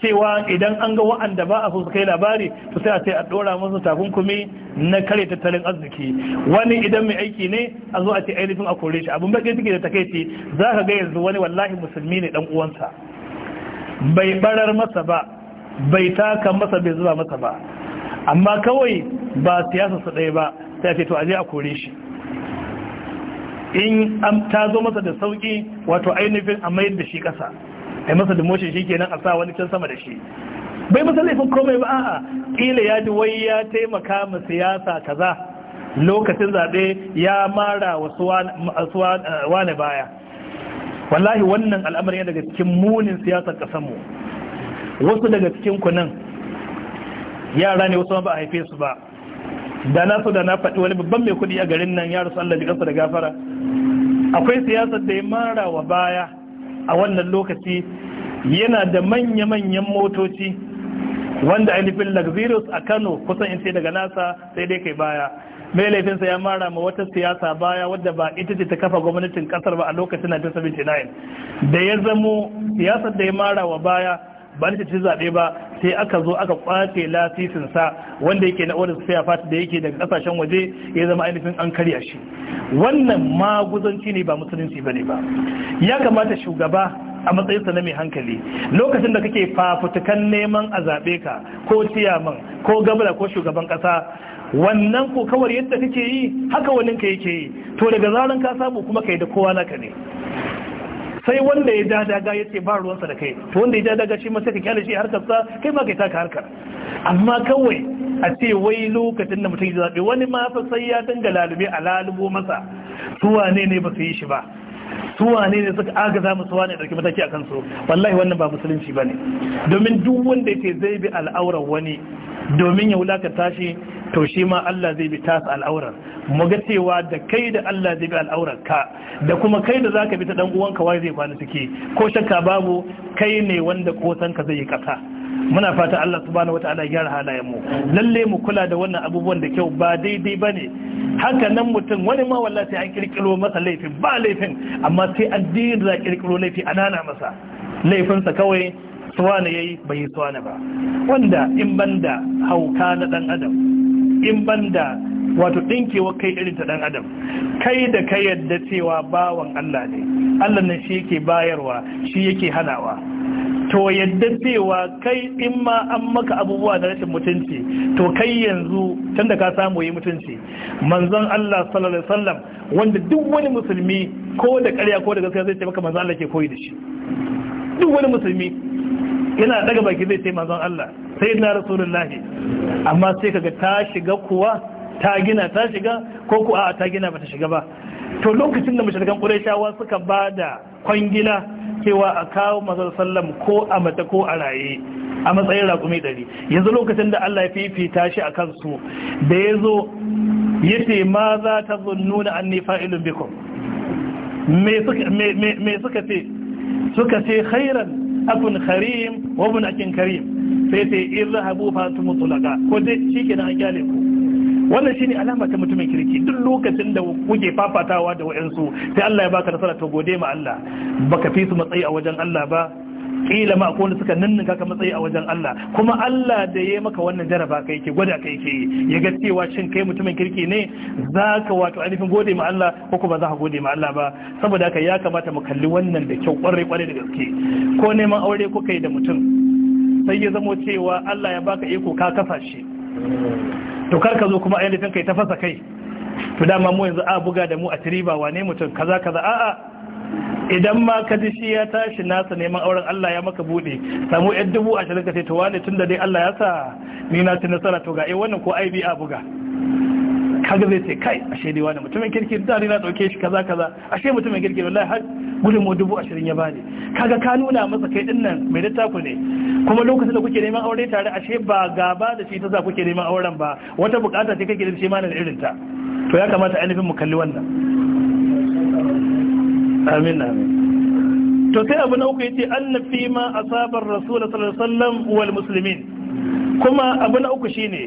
cewa idan an ga wa'anda ba a so su kai labari to sai a ce a dora musu takunkumi na kare tattalin arziki wani idan mai aiki ne a zo a ce ainihin a kore shi abin bakin ciki da takaici za ka ga yanzu wani wallahi musulmi ne dan uwansa bai barar masa ba bai taka masa bai zuba masa ba amma kawai ba siyasa su ɗaya ba sai a ce to a je a kore shi in ta zo masa da sauki wato ainihin a mayar da shi ƙasa ai masa shi kenan a sa wani can sama da shi bai masa laifin komai ba a'a kila ya ji wai ya taimaka ma siyasa kaza lokacin zaɓe ya mara wasu eh, wane baya wallahi wannan al'amari daga cikin munin siyasar kasanmu wasu daga cikin kunan yara ne wasu ba a haife su ba da na so da na faɗi wani babban mai kuɗi a garin nan ya rasu Allah da gafara akwai siyasar da ya mara wa baya a wannan lokaci yana da manya-manyan motoci wanda ainihin luxurious a kano kusan in ce daga nasa sai dai kai baya mai laifinsa ya mara ma wata siyasa baya wadda ba ita ce ta kafa gwamnatin kasar ba a lokacin 1979 da ya zamo siyasar da ya mara wa baya ba ta ci zaɓe ba sai aka zo aka kwace lasisinsa wanda yake na orin fat da yake daga kasashen waje ya zama ainihin an karya shi wannan maguzanci ne ba musulunci bane ba ya kamata shugaba a matsayinsa na mai hankali lokacin da kake fafutukan neman a zaɓe ka ko ciyaman ko gabla ko shugaban ƙasa wannan ko kawar yadda kake yi haka waninka yake yi to daga zaran ka samu kuma ka yi da kowa naka ne sai wanda ya ja daga ya ce ba ruwansa da kai to wanda ya ja daga shi ma sai ka kyale shi harkar sa kai ma kai taka harkar amma kawai a ce wai lokacin da mutum ya zaɓe wani ma fa sai ya dinga lalube a lalubo masa su wane ne ba su yi shi ba su wane ne suka agaza musu wane dauki mataki a kansu wallahi wannan ba musulunci ba ne. domin duk wanda yake zai bi al'aurar wani domin ya wulakanta tashi, to shi ma Allah zai bi tasa al'aurar mu ga cewa da kai da Allah zai bi al'aurar ka da kuma kai da zaka bi ta dan uwanka wai zai kwana ciki ko shakka babu kai ne wanda kosan ka zai yi kasa muna fata Allah subhanahu wataala ya gyara halayen mu lalle mu kula da wannan abubuwan da kyau ba daidai bane haka nan mutum wani ma wallahi sai an kirkiro masa laifin ba laifin amma sai an a kirkiro laifi anana masa laifinsa kawai suwana yayi bai yi suwana ba wanda in banda hauka na dan adam in banda wato ɗinkewa kai irin ta dan adam kai da kai yadda cewa bawan Allah ne Allah ne shi yake bayarwa shi yake hanawa to yadda cewa kai in ma an maka abubuwa da rashin mutunci to kai yanzu tun ka samu yi mutunci manzon Allah sallallahu alaihi wasallam wanda duk wani musulmi ko da ƙarya ko da gaskiya zai ce maka manzon Allah ke koyi da shi duk wani musulmi yana daga baki zai ce manzon Allah sai na rasulullahi amma sai kaga ta shiga kuwa ta gina ta shiga ko ku a ta gina bata shiga ba to lokacin da mashirkan quraishawa suka ba da kwangila cewa a kawo mazal sallam ko a mata ko a raye a matsayin raƙumi ɗari yanzu lokacin da Allah ya fifita shi a kansu da ya zo ya ce ma za ta zunnuna an nifa ilin bikon me suka ce suka ce khairan akun karim wabin akin karim sai ce irin habu fatu mutulaka ko dai shi ke na an kyale ku wannan shine alama ta mutumin kirki duk lokacin da kuke fafatawa da wayansu sai Allah ya baka nasara to gode ma Allah baka fi su matsayi a wajen Allah ba kila ma akwai wanda suka ninninka ka matsayi a wajen Allah kuma Allah da ya maka wannan jaraba kai ke gwada kai ke ya ga cewa shin kai mutumin kirki ne zaka ka wato alifin gode ma Allah ko kuma za ka gode ma Allah ba saboda haka ya kamata mu kalli wannan da kyau kwarai kwarai da gaske ko neman aure ko kai da mutum sai ya zamo cewa Allah ya baka iko ka kafa shi to kar ka zo kuma ainihin kai ta fasa kai to dama mu yanzu a buga da mu a tiriba wane mutum kaza kaza a'a idan ma ka ji shi ya tashi nasa neman auren Allah ya maka bude samu yan dubu ashirin ka ce to wane da dai Allah ya sa ni na ci nasara to ga eh, wannan ko aibi a buga kaga zai ce kai ashe ne wani mutumin kirki da na dauke shi kaza kaza ashe mutumin kirki wallahi har gudun mu dubu ashirin ya bani kaga ka nuna masa kai din nan mai littafi ne kuma lokacin da kuke neman aure tare ashe ba gaba da shi ta za kuke neman auren ba wata bukata ce kake da shi ma da irin ta to ya kamata ainihin mu kalli wannan amin amin to sai abu na uku yace annabi ma asabar rasul sallallahu alaihi wasallam wal muslimin kuma abu na uku shine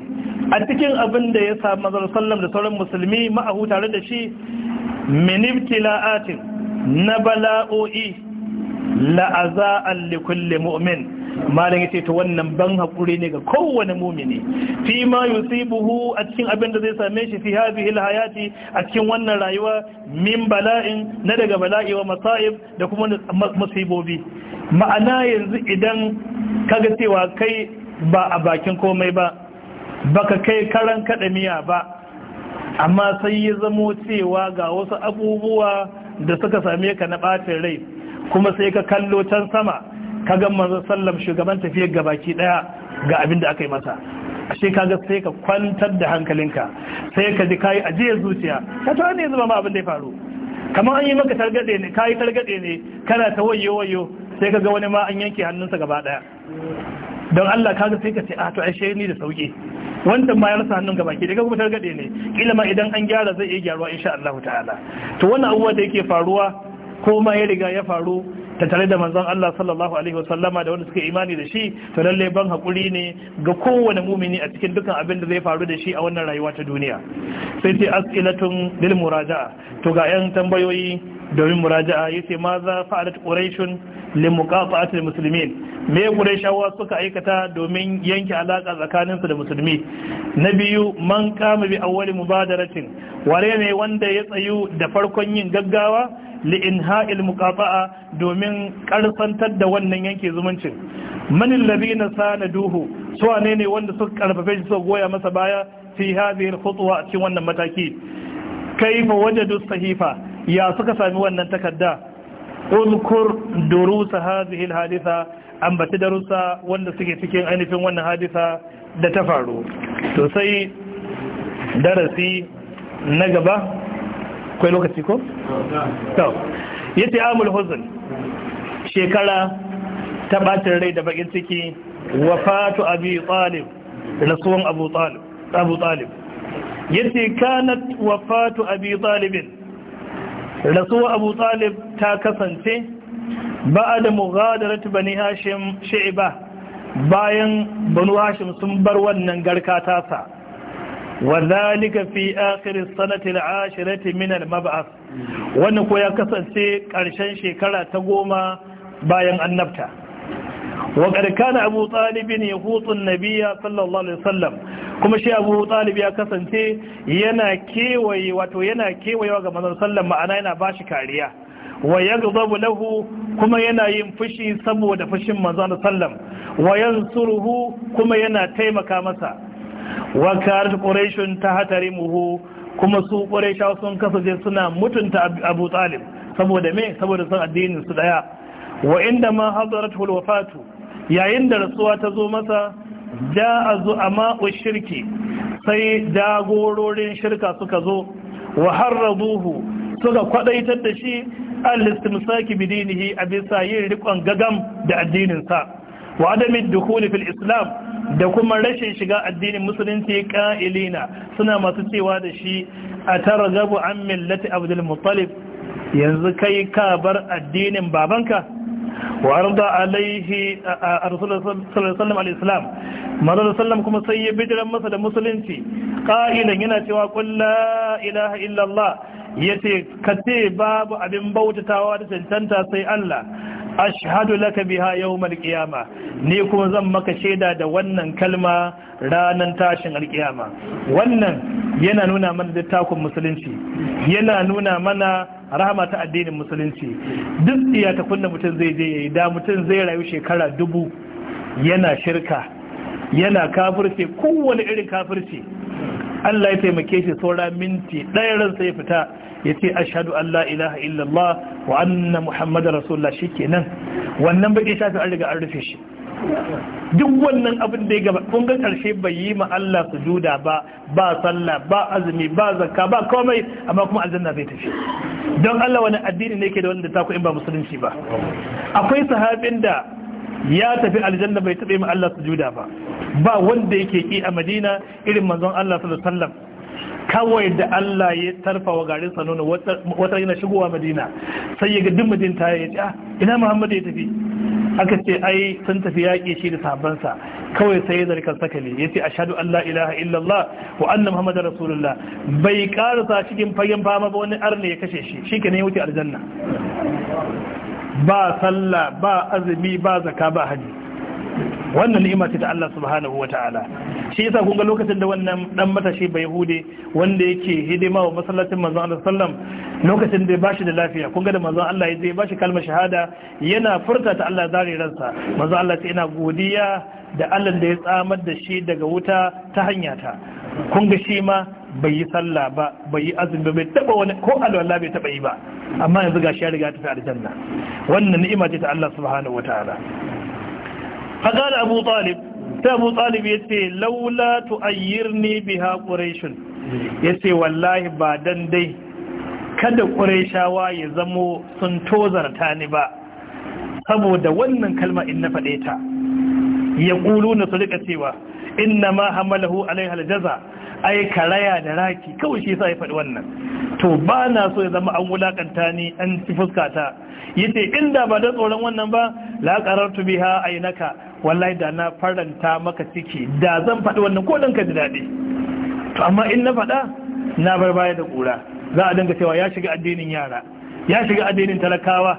a cikin abin da ya sa mazar sallam da sauran musulmi ma'ahu tare da shi minibtila'atin na bala'o'i la'aza allikulle mu'min malin yace to wannan ban hakuri ne ga kowane mu'mini fi ma yusibuhu a cikin abin da zai same shi fi hadhihi alhayati a cikin wannan rayuwa min bala'in na daga bala'i wa masa'ib da kuma masibobi. ma'ana yanzu idan kaga cewa kai ba a bakin komai ba baka kai karan kada miya ba amma sai ya zamo cewa ga wasu abubuwa da suka same ka na ɓacin rai kuma sai ka kallo can sama ka ga manzon sallam shugaban tafiyar baki ɗaya ga abin da aka yi masa ashe kaga sai ka kwantar da hankalinka sai ka ji kayi ajiyar zuciya ka ta ne zuma ma abin da ya faru kamar an yi maka targade ne kayi targade ne kana ta wayo wayo sai ka ga wani ma an yanke hannunsa gaba daya don Allah kaga sai ka ce a ah, to ai ni da sauki wannan ma ya rasa hannun gaba ke daga kuma gaɗe ne kila ma idan an gyara zai iya gyaruwa insha Allah ta'ala to wannan abuwa da yake faruwa ko ma ya riga ya faru ta tare da manzon Allah sallallahu alaihi wasallama da wanda suka imani da shi to lalle ban hakuri ne ga kowane mumini a cikin dukkan abin da zai faru da shi a wannan rayuwa ta duniya sai sai as'ilatun lil muraja'a to ga yan tambayoyi domin muraja'a yace ma za fa'alat quraishun li muqata'ati al muslimin me quraishawa suka aikata domin yanke alaka tsakanin su da musulmi na biyu man kama bi awwali mubadaratin ware ne wanda ya tsayu da farkon yin gaggawa li'inha'il muqata'a domin karfantar da wannan yanke zumuncin man alladhina duhu, su wane ne wanda suka karfafe shi suka goya masa baya fi hadhihi alkhutwa a cikin wannan mataki kaifa wajadu sahifa ya suka sami wannan takarda ulkur durusa hadhihi alhaditha ambata darussa wanda suke cikin ainihin wannan hadisa da ta faru to sai darasi na gaba akwai lokaci ko? to yace amul huzn shekara ta batin rai da bakin ciki wafatu abi talib rasuwan abu talib abu talib yace kanat wafatu abi talibin rasuwa abu talib ta kasance ba da mughadarat bani hashim shi'ba bayan banu hashim sun bar wannan garka tasa wadhalika fi akhir sanati al-ashirati min al-mab'ath wannan ko ya kasance karshen shekara ta goma bayan annabta wa qad kana abu talib yahutu an-nabiyya sallallahu alaihi wasallam kuma shi abu talib ya kasance yana kewaye wato yana kewayewa ga manzon sallallahu ma'ana yana bashi kariya wa yaghdabu lahu kuma yana yin fushi saboda fushin manzon sallallahu wa yansuruhu kuma yana taimaka masa wa karat quraishun tahtarimuhu kuma su quraisha sun kasance suna mutunta abu talib saboda me saboda san addinin su daya wa inda ma hadaratu alwafatu yayin da rasuwa ta zo masa da azu zu'ama'u shirki sai dagororin shirka suka zo wa harrabuhu suka kwadaitar da shi al-istimsaki bidinihi a bisa yin rikon gagam da addininsa wa adamin dukhuli fil islam da kuma rashin shiga addinin musulunci ka'ilina suna masu cewa da shi a targabu an millati abdul yanzu kai ka bar addinin babanka wa arda alaihi rasulun salam al'islam marar sallam kuma sai ya bidiran masa da musulunci ƙa'ilin yana cewa qul la illa allah yace kace babu abin bautatawa da cancanta sai allah ashhadu laka biha yawmal qiyama ni kuma zan maka shaida da wannan kalma ranan tashin alkiyama wannan yana nuna mana littafin musulunci yana nuna mana rahama ta addinin musulunci duk ta kunna mutum zai je yayi da mutum zai rayu shekara dubu yana shirka yana kafirce kowane irin kafirce Allah ya taimake shi saura minti ɗaya ransa ya fita ya ce ashadu Allah ilaha illallah wa anna Muhammadu rasulullah shi kenan wannan baƙin shafin an riga an rufe shi duk wannan abin da ya gaba kun ga karshe bai yi ma Allah sujuda ba ba sallah ba azumi ba zakka ba komai amma kuma aljanna bai tafi don Allah wani addini ne yake da wanda ta in ba musulunci ba akwai sahabin da ya tafi aljanna bai taɓa yi ma Allah sujuda ba ba wanda yake ki a Madina irin manzon Allah sallallahu alaihi wasallam kawai da Allah ya tarfa wa garin sanonu wata yana shigowa madina sai ya ga duk madina ta ya ah, ce ina muhammadu ya tafi aka ce ai sun tafi yaƙi shi da sabansa kawai sai ya zarkar sakali ya ce a shaɗu Allah ilaha illallah wa annan muhammadu rasulullah bai karasa cikin fagen fama ba wani arne ya kashe shi shi ke ne wuce aljanna ba sallah ba azumi ba zaka ba hajji wannan ni'ima ce ta Allah subhanahu ta'ala shi yasa kun ga lokacin da wannan dan matashi bai hude wanda yake hidima wa masallacin manzon Allah sallam lokacin da bashi da lafiya kun ga da manzon Allah ya bashi kalmar shahada yana furta ta Allah zare ransa manzon Allah ce ina godiya da Allah da ya tsamar da shi daga wuta ta hanya ta kun ga shi ma bai yi sallah ba bai yi azumi ba bai taba wani ko alwala bai taba yi ba amma yanzu gashi ya riga ta fi aljanna wannan ni'ima ce ta Allah subhanahu ta'ala. فقال أبو طالب أبو طالب يتي لولا تؤيرني بها قريش يتي والله بعدن دي kada ƙureshawa ya zamo sun tozarta ni ba saboda wannan kalma in na faɗe ta ya ƙulu na su rika cewa inna ma hamalahu alaihi aljaza ai karaya da raki kawai shi yasa ya faɗi wannan to ba na so ya zama an wulakanta ni an ci fuskata yace inda ba da tsoron wannan ba la qarartu biha aynaka wallahi da na faranta maka ciki da zan faɗi wannan ko ka ji daɗi to amma in na faɗa na bar baya da ƙura za a dinga cewa ya shiga addinin yara ya shiga addinin talakawa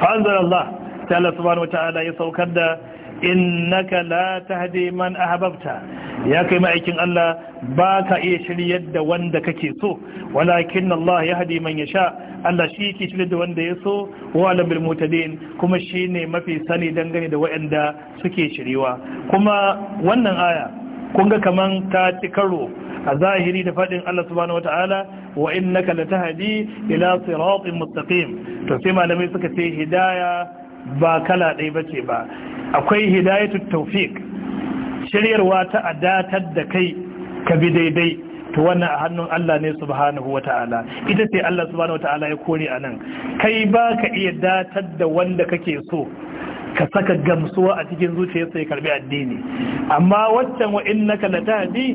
fa'anzar Allah ta Allah subhanahu wa ta'ala ya saukar da innaka la tahdi man ahbabta ya kai ma'aikin Allah ba ka iya shiryar da wanda kake so walakin Allah ya hadi man sha. Allah shi yake shiryar da wanda ya so wa alam bil mutadin kuma shine mafi sani dangane da waɗanda suke shiriwa kuma wannan aya kun ga kaman ta ci karo a zahiri da faɗin Allah subhanahu wata'ala wa innaka latahdi ila siratin mustaqim to sai malamai suka ce hidaya ba kala ɗaya bace ba akwai hidayatu tawfiq shiryarwa ta a datar da kai ka bi daidai to wannan a hannun Allah ne subhanahu wa ta'ala, ita ce Allah subhanahu wa ta'ala ya kore a nan kai ba ka iya datar da wanda kake so ka saka gamsuwa a cikin zuciya sai karbi addini amma waccan wa innaka latahdi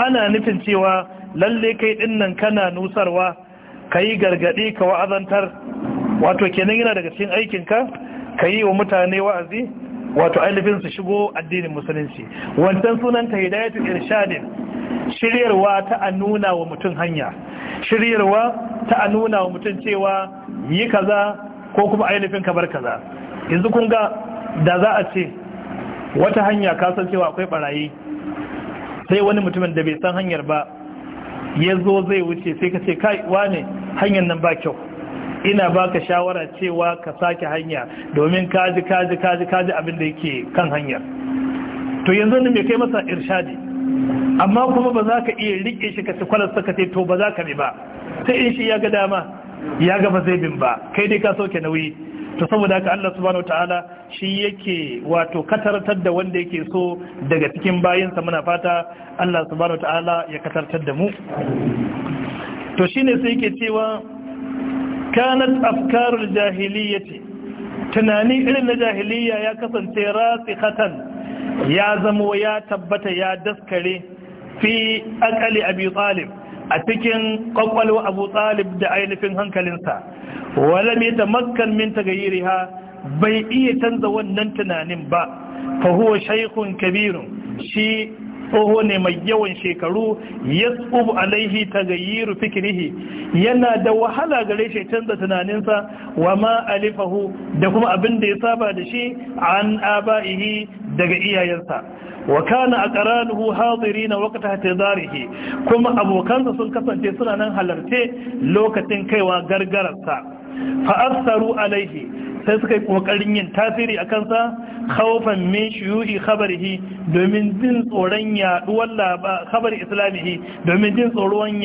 ana nufin cewa lalle kai dinnan kana nusarwa kai gargadi ka wa'azantar wato kenan yana daga cikin aikin ka kai wa mutane wa'azi wato ainihin su shigo addinin musulunci wancan sunanta hidayatu irshadin shiryarwa ta a nuna wa mutum hanya shiryarwa ta a nuna wa mutum cewa yi kaza ko kuma ainihin kabar kaza yanzu kun ga da za a ce wata hanya cewa akwai barayi sai wani mutumin da bai san hanyar ba ya zo zai wuce sai ka ce kai wane hanyar nan ba kyau ina baka shawara cewa ka sake hanya domin kaji kaji kaji kaji abin da yake kan hanyar. to yanzu ne mai kai masa irshadi amma kuma ba za ka iya rike shi ka ci saka ka ce to ba za ka bi ba sai in shi ya ga dama ya ga zai bin ba kai dai ka sauke nauyi to saboda haka Allah subhanahu wataala shi yake wato katartar da wanda yake so daga cikin bayinsa muna fata Allah subhanahu wataala ya katartar da mu to shine sai yake cewa kanat afkarul ce tunanin irin na jahiliya ya kasance ratsi rasikatan ya zamo ya tabbata ya daskare fi akali abi talib a cikin kwakwalwa abu talib da ainihin hankalinsa wala mai tamakkan min tagayyiriha bai iya canza wannan tunanin ba fa huwa kabiru shi tsoho ne mai yawan shekaru yasqub alaihi gayyiru fikirihi yana da wahala gare shi canza tunaninsa wa ma alifahu da kuma abin da ya saba da shi an abaihi daga iyayensa wa kana na wakata ta zarihi kuma abokansa sun kasance suna nan halarce lokacin kaiwa gargararsa fa alaihi sai suka yi kokarin yin tasiri a kansa khawfan min shuyuhi khabarihi domin jin tsoron yaduwar khabar islamihi domin jin tsoron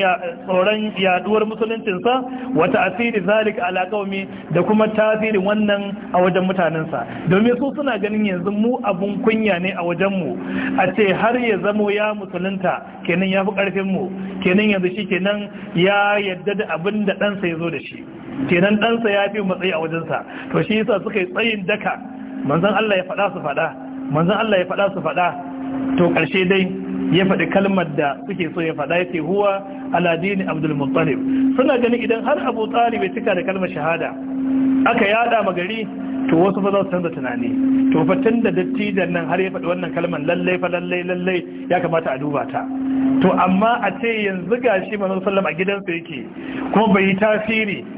tsoron yaduwar musuluncin sa wa ta'siri zalika ala qaumi da kuma tasirin wannan a wajen mutanen sa domin su suna ganin yanzu mu abun kunya ne a wajen mu a ce har ya zamo ya musulunta kenan ya fi karfin mu kenan yanzu shi kenan ya yadda da abin da ɗansa ya zo da shi kenan ɗansa ya fi matsayi a wajensa to shi yasa suka yi tsayin daka manzon Allah ya faɗa su faɗa manzon Allah ya faɗa su faɗa to ƙarshe dai ya faɗi kalmar da suke so ya faɗa yake huwa aladini abdul muttalib suna ganin idan har abu talib ya cika da kalmar shahada aka yada magari to wasu fa za su canza tunani to fa tun da dattijan nan har ya faɗi wannan kalmar lalle fa lalle lalle ya kamata a duba ta to amma a ce yanzu gashi manzon sallam a gidansa yake kuma bai yi tasiri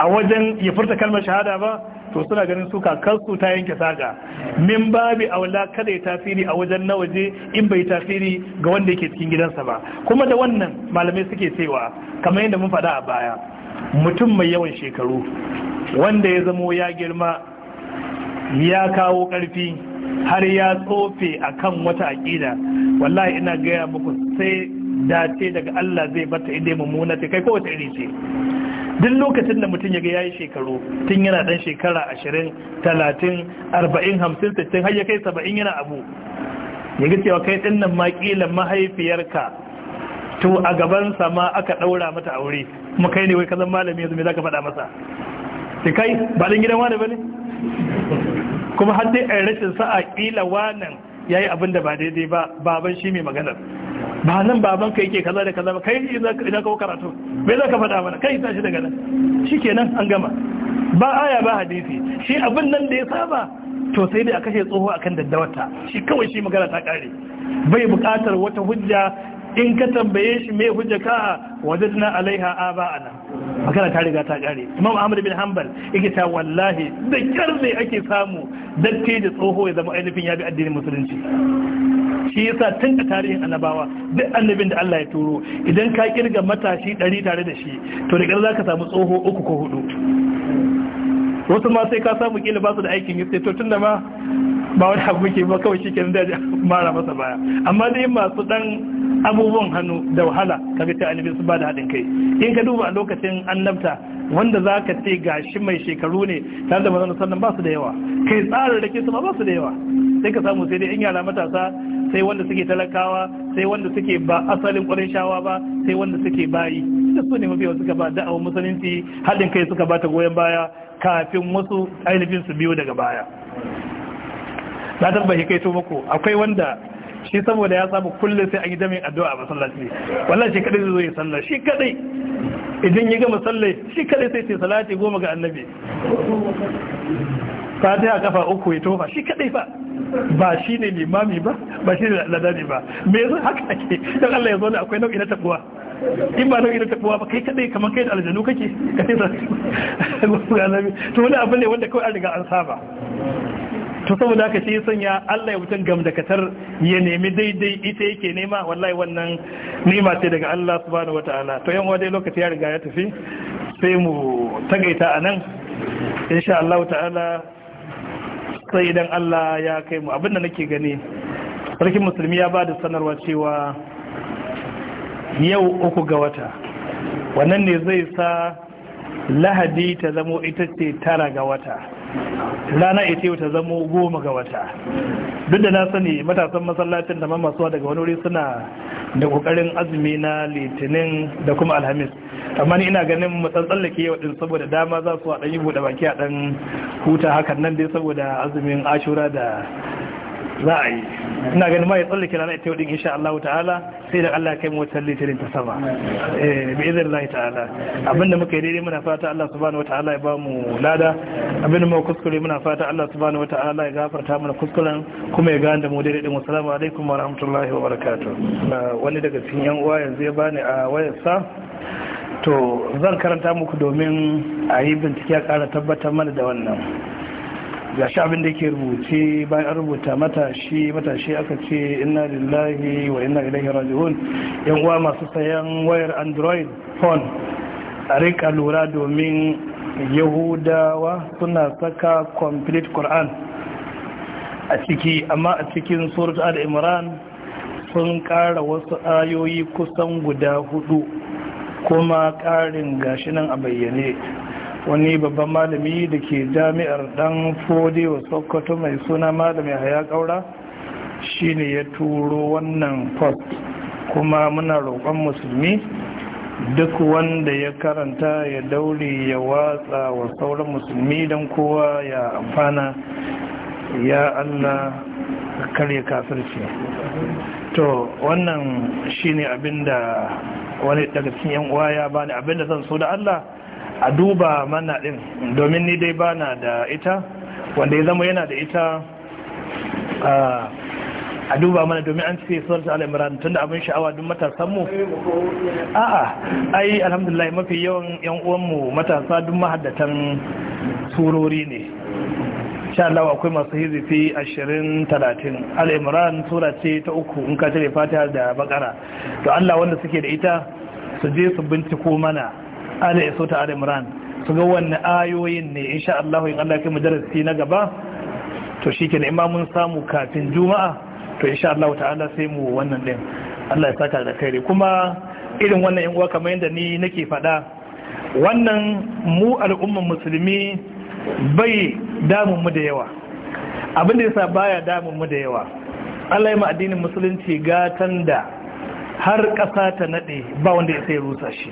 a wajen ya furta kalmar shahada ba to suna ganin su kakarsu ta yanke saga min babi aula kada ya tasiri a wajen na waje in bai tasiri ga wanda yake cikin gidansa ba kuma da wannan malamai suke cewa kamar yadda mun faɗa a baya mutum mai yawan shekaru wanda ya zamo ya girma ya kawo ƙarfi har ya tsofe a kan wata aƙida wallahi ina gaya muku sai dace daga Allah zai bata ide mummuna ce kai kowace iri ce duk lokacin da mutum ya ga yayi shekaru tun yana dan shekara ashirin talatin arba'in hamsin sittin har ya kai saba'in yana abu ya ga cewa kai din nan ma kila mahaifiyarka to a gaban sa ma aka daura mata aure kuma kai ne wai kazan malami yanzu me zaka faɗa masa sai kai ba dan gidan wani bane kuma har dai a rashin sa'a kila wannan yayi abin da ba daidai ba baban shi mai maganar ba nan baban ka yake kaza da kaza ba kai idan ka karatu me za ka faɗa mana kai shi daga nan shikenan an gama ba aya ba hadisi shi abin nan da ya saba to sai dai a kashe tsoho akan daddawata shi kawai shi magana ta kare bai buƙatar wata hujja in ka tambaye shi me hujja ka wajadna alaiha ana magana ta riga ta kare imam ahmad bin hanbal yake ta wallahi da kyar ne ake samu dattijo da tsoho ya zama ainihin ya bi addinin musulunci shi yasa tun a tarihin annabawa duk annabin da Allah ya turo idan ka kirga matashi 100 tare da shi to da za ka samu tsoho uku ko hudu wasu ma sai ka samu kila ba su da aikin yi sai to tun ma ba wani abu ke ba kawai shike da mara masa baya amma dai masu dan abubuwan hannu da wahala ka ga annabi su ba da haɗin kai in ka duba a lokacin annabta wanda za ka ce gashi mai shekaru ne tare da manzon sannan ba su da yawa kai tsarin da ke su ba su da yawa sai ka samu sai dai in yara matasa sai wanda suke talakawa sai wanda suke ba asalin ƙwarin shawa ba sai wanda suke bayi da su ne mafiya suka ba da'awar musulunci haɗin kai suka ba ta goyon baya kafin wasu ainihin su biyo daga baya na shi kai to mako akwai wanda shi saboda ya samu kullum sai an yi damin addu'a a masallaci wallahi shi kadai zai ya sallah shi kadai idan ya gama sallah shi kadai sai ce salati goma ga annabi fatiha kafa uku ya tofa shi kadai fa ba shi ne limami ba ba shi ne ladani ba me yasa haka ake don Allah ya zo akwai nau'i na tabuwa in ba nau'i na tabuwa ba kai kadai kamar kai da aljanu kake kai da to wani abu ne wanda kawai an riga an saba to saboda haka shi sanya Allah ya mutum katar ya nemi daidai ita yake nema wallahi wannan nima ce daga Allah subhanahu wataala to yan wadai lokaci ya riga ya tafi sai mu tagaita anan insha Allah ta'ala sai idan Allah ya kai mu abinda nake gani sarkin musulmi ya ba da sanarwa cewa yau uku ga wata wannan ne zai sa lahadi ta zamo ita ce tara ga wata rana ita ta zamo goma ga wata duk da na sani matasan masallacin da mamasuwa daga wani wuri suna da kokarin azumi na litinin da kuma alhamis amma ni ina ganin mu tsallake yau din saboda dama za su dan yi bude baki a ɗan huta hakan nan dai saboda azumin ashura da za a yi ina ganin ma ya tsallake rana ita yau din insha Allah ta'ala sai da Allah kai mu wata litirin ta sama eh bi idnillahi ta'ala abinda muka yi daidai muna fata Allah subhanahu wata'ala ya ba mu lada abinda muka kuskure muna fata Allah subhanahu wata'ala ya gafarta mana kuskuren kuma ya gane da mu daidai din assalamu alaikum wa rahmatullahi wa barakatuh wani daga cikin yan uwa yanzu ya bani a sa. to zan karanta muku domin a yi bincike a ƙara tabbatar mana da wannan ga shi abin da ke rubuce bayan an rubuta matashi matashi aka ce inna lillahi wa inna ilaihi raji'un yan uwa masu sayan wayar android phone a rika lura domin yahudawa suna saka complete quran a ciki amma a cikin surat al-imran sun ƙara wasu ayoyi kusan guda hudu kuma ƙarin gashi nan a bayyane wani babban malami da ke jami'ar dan fode wa sokoto mai suna malami haya kaura shine ya turo wannan post kuma muna roƙon musulmi duk wanda ya karanta ya daure ya watsa wa sauran musulmi don kowa ya amfana ya allah karya kafirci to wannan shine abinda wani daga cikin yan uwa ya bani abinda zan so da Allah a duba mana din domin ni dai bana da ita wanda ya zama yana da ita a duba mana domin an ce suwar ta al'imran tun da abin sha'awa duk matasanmu a'a ai alhamdulillah mafi yawan yan uwanmu matasa duk mahaddatan surori ne insha Allah akwai masu hizifi 20-30 al'imran tura ce ta uku in ka cire fatiha da bakara to Allah wanda suke da ita su je su binciko mana ala iso ta al'imran su ga ayoyin ne insha Allah in Allah kai majalisi na gaba to shi kenan imamun samu kafin juma'a to insha Allah ta'ala sai mu wannan din Allah ya saka da kai kuma irin wannan yan uwa kamar yadda ni nake faɗa wannan mu al'umman musulmi bai damun mu da yawa abin da yasa baya damun mu da yawa Allah ya mu addinin musulunci gatan da har ƙasa ta nade ba wanda ya sai rusa shi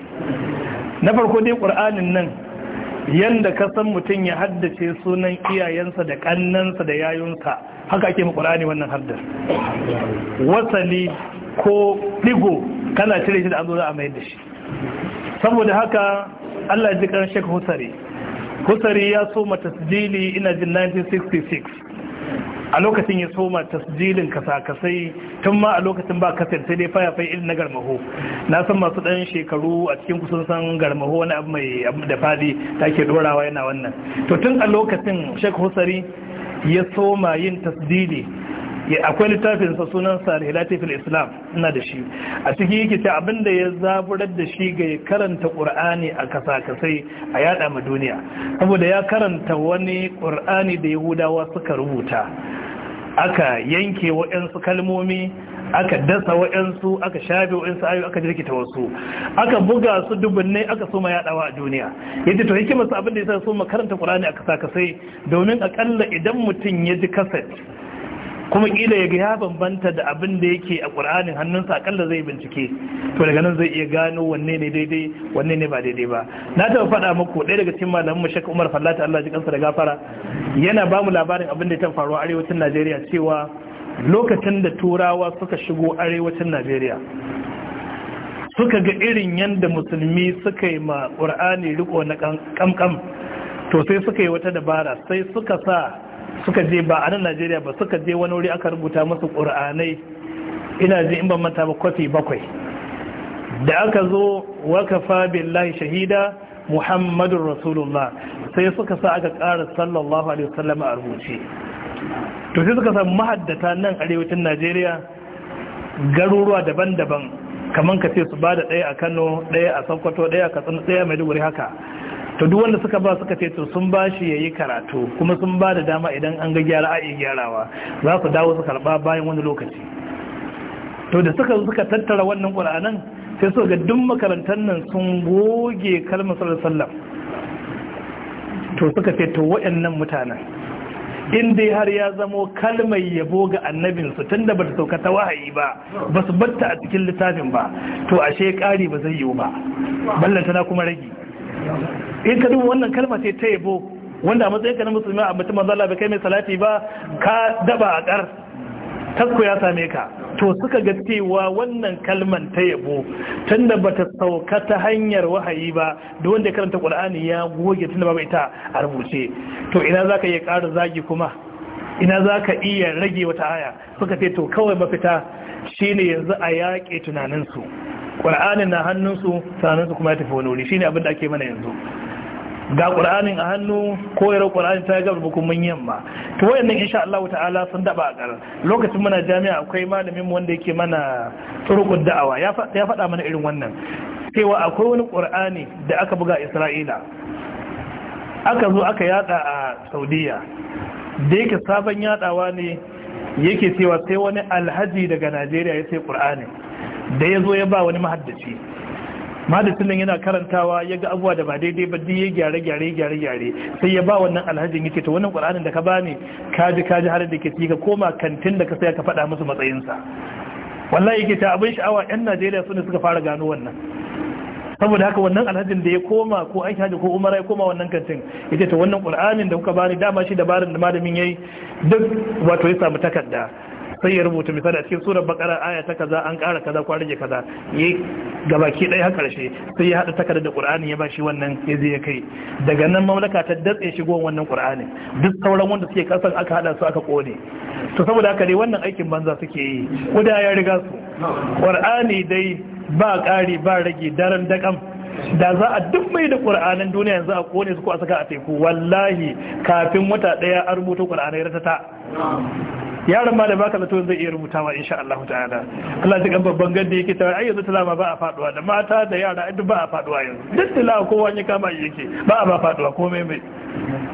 na farko dai ƙur'anin nan yanda ka san mutum ya haddace sunan iyayensa da kannansa da yayunsa haka ake mu qur'ani wannan haddar wasali ko digo kana cire shi da an zo za a mayar da shi saboda haka Allah ya ji kan Sheikh Husari kusari ya soma tasjili ina jin 1966 a lokacin ya soma tasjilin kasakasai tun ma a lokacin ba kasar sai dai fayafai irin na garmaho na san masu ɗan shekaru a cikin kusan san garmaho wani abu mai abu da fadi ta ke dorawa yana wannan to tun a lokacin shek husari ya soma yin tasdili akwai littafin sa sunan sa al islam ina da shi a ciki yake ta abinda ya zaburar da shi ga karanta qur'ani a kasakasai a yada ma duniya saboda ya karanta wani qur'ani da yahudawa suka rubuta aka yanke waɗansu kalmomi aka dasa waɗansu aka shafe waɗansu ayo aka ta wasu aka buga su dubbinai aka soma yaɗawa a duniya yadda to hikimarsa abinda ya sa soma karanta ƙurani a kasa kasai domin aƙalla idan mutum ya ji kaset kuma kila ya ga ya bambanta da abin da yake a ƙur'anin hannunsa akalla zai bincike to daga nan zai iya gano wanne ne daidai wanne ne ba daidai ba na taɓa faɗa muku ɗaya daga cikin malamin mu shakka umar fallata allah ji kansa da gafara yana ba mu labarin abin da ya faru a arewacin najeriya cewa lokacin da turawa suka shigo arewacin najeriya suka ga irin yadda musulmi suka yi ma ƙur'ani riko na kamkam to sai suka yi wata dabara sai suka sa suka je ba a nan najeriya ba suka je wani wuri aka rubuta masu ƙur'anai ina ji in ban manta ba kwafi bakwai da aka zo wakafa billahi shahida muhammadun rasulullah sai suka sa aka ƙara sallallahu alaihi wasallam a rubuce to sai suka samu mahaddata nan arewacin najeriya garuruwa daban-daban kamar ka ce su ba da ɗaya a kano ɗaya a sokoto ɗaya a katsina ɗaya maiduguri haka to duk wanda suka ba suka ce sun ba shi ya yi karatu kuma sun ba da dama idan an ga gyara a gyarawa za su dawo su karba bayan wani lokaci to da suka suka tattara wannan ƙur'anin sai su ga duk makarantar nan sun goge kalmar sallallahu to suka ce to waɗannan mutanen in dai har ya zamo kalmar yabo ga annabinsu tun da ba ta sauka ta wahayi ba ba su batta a cikin littafin ba to ashe ƙari ba zai yiwu ba ballantana kuma rage in ka duba wannan kalma ce ta yabo wanda a matsayin ka na musulmi a mutum manzo Allah bai kai mai salati ba ka daba a kar tasko ya same ka to suka ga cewa wannan kalman ta yabo tunda bata sauka ta hanyar wahayi ba da wanda karanta Qur'ani ya goge tunda ba ita a rubuce to ina zaka iya ƙara zagi kuma ina zaka iya rage wata aya suka ce to kawai mafita shine yanzu a yaƙe tunaninsu ƙur'anin na hannunsu sanansu kuma ya tafi wani wuri shine abin da ake mana yanzu ga ƙur'ani a hannu ko koyarwar ƙur'anin ta gabar bukun mun yamma to wayannan insha Allah ta'ala sun daba a ƙar lokacin muna jami'a akwai malamin mu wanda yake mana turukun da'awa ya faɗa mana irin wannan cewa akwai wani ƙur'ani da aka buga Isra'ila aka zo aka yada a Saudiya da yake sabon yadawa ne yake cewa sai wani alhaji daga Najeriya ya sai ƙur'anin da ya zo ya ba wani mahaddaci mahaddaci nan yana karantawa ya ga abuwa da ba daidai ba ya gyare gyare gyare gyare sai ya ba wannan alhajin yake ta, wannan ƙwararren da ka ba ne kaji kaji har da ke ci ka koma kantin da ka saya ka faɗa musu matsayinsa wallahi yake ta abin sha'awa yan Najeriya su ne suka fara gano wannan saboda haka wannan alhajin da ya koma ko aiki hajji ko umara ya koma wannan kantin yake ta wannan qur'anin da kuka bani dama shi dabarin da malamin ya yi duk wato ya samu takarda sai ya rubuta misali a cikin surar bakara aya ta kaza an kara kaza ko rage kaza Gaba gabaki ɗaya har ƙarshe sai ya haɗa takarda da Qur'ani ya bashi wannan ya zai ya kai daga nan mamlaka ta datse shigo wannan Qur'ani duk sauran wanda suke kasan aka haɗa su aka kone to saboda haka dai wannan aikin banza suke yi kuda ya riga su Qur'ani dai ba ƙari ba rage daren daƙam da za a duk mai da ƙura'anin duniya yanzu a kone su ko a saka a teku wallahi kafin wata ɗaya an rubuta ƙura'anai ratata yaron ma da baka zato zai iya rubutawa insha Allah ta'ala Allah ya ga babban gadi yake ta ai yanzu tilawa ba a faduwa da mata da yara duk ba a faduwa yanzu duk lawa kowa ya kama yake ba a ba faduwa komai mai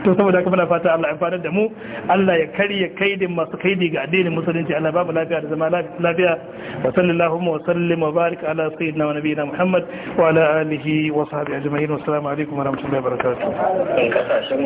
to saboda haka muna fata Allah ya fara da mu Allah ya karya kaidin masu kaidi ga addinin musulunci Allah ba mu lafiya da zama lafiya wa sallallahu wa sallim wa baraka ala sayyidina wa nabiyina Muhammad wa ala alihi wa sahbihi ajma'in wa assalamu alaikum wa rahmatullahi wa barakatuh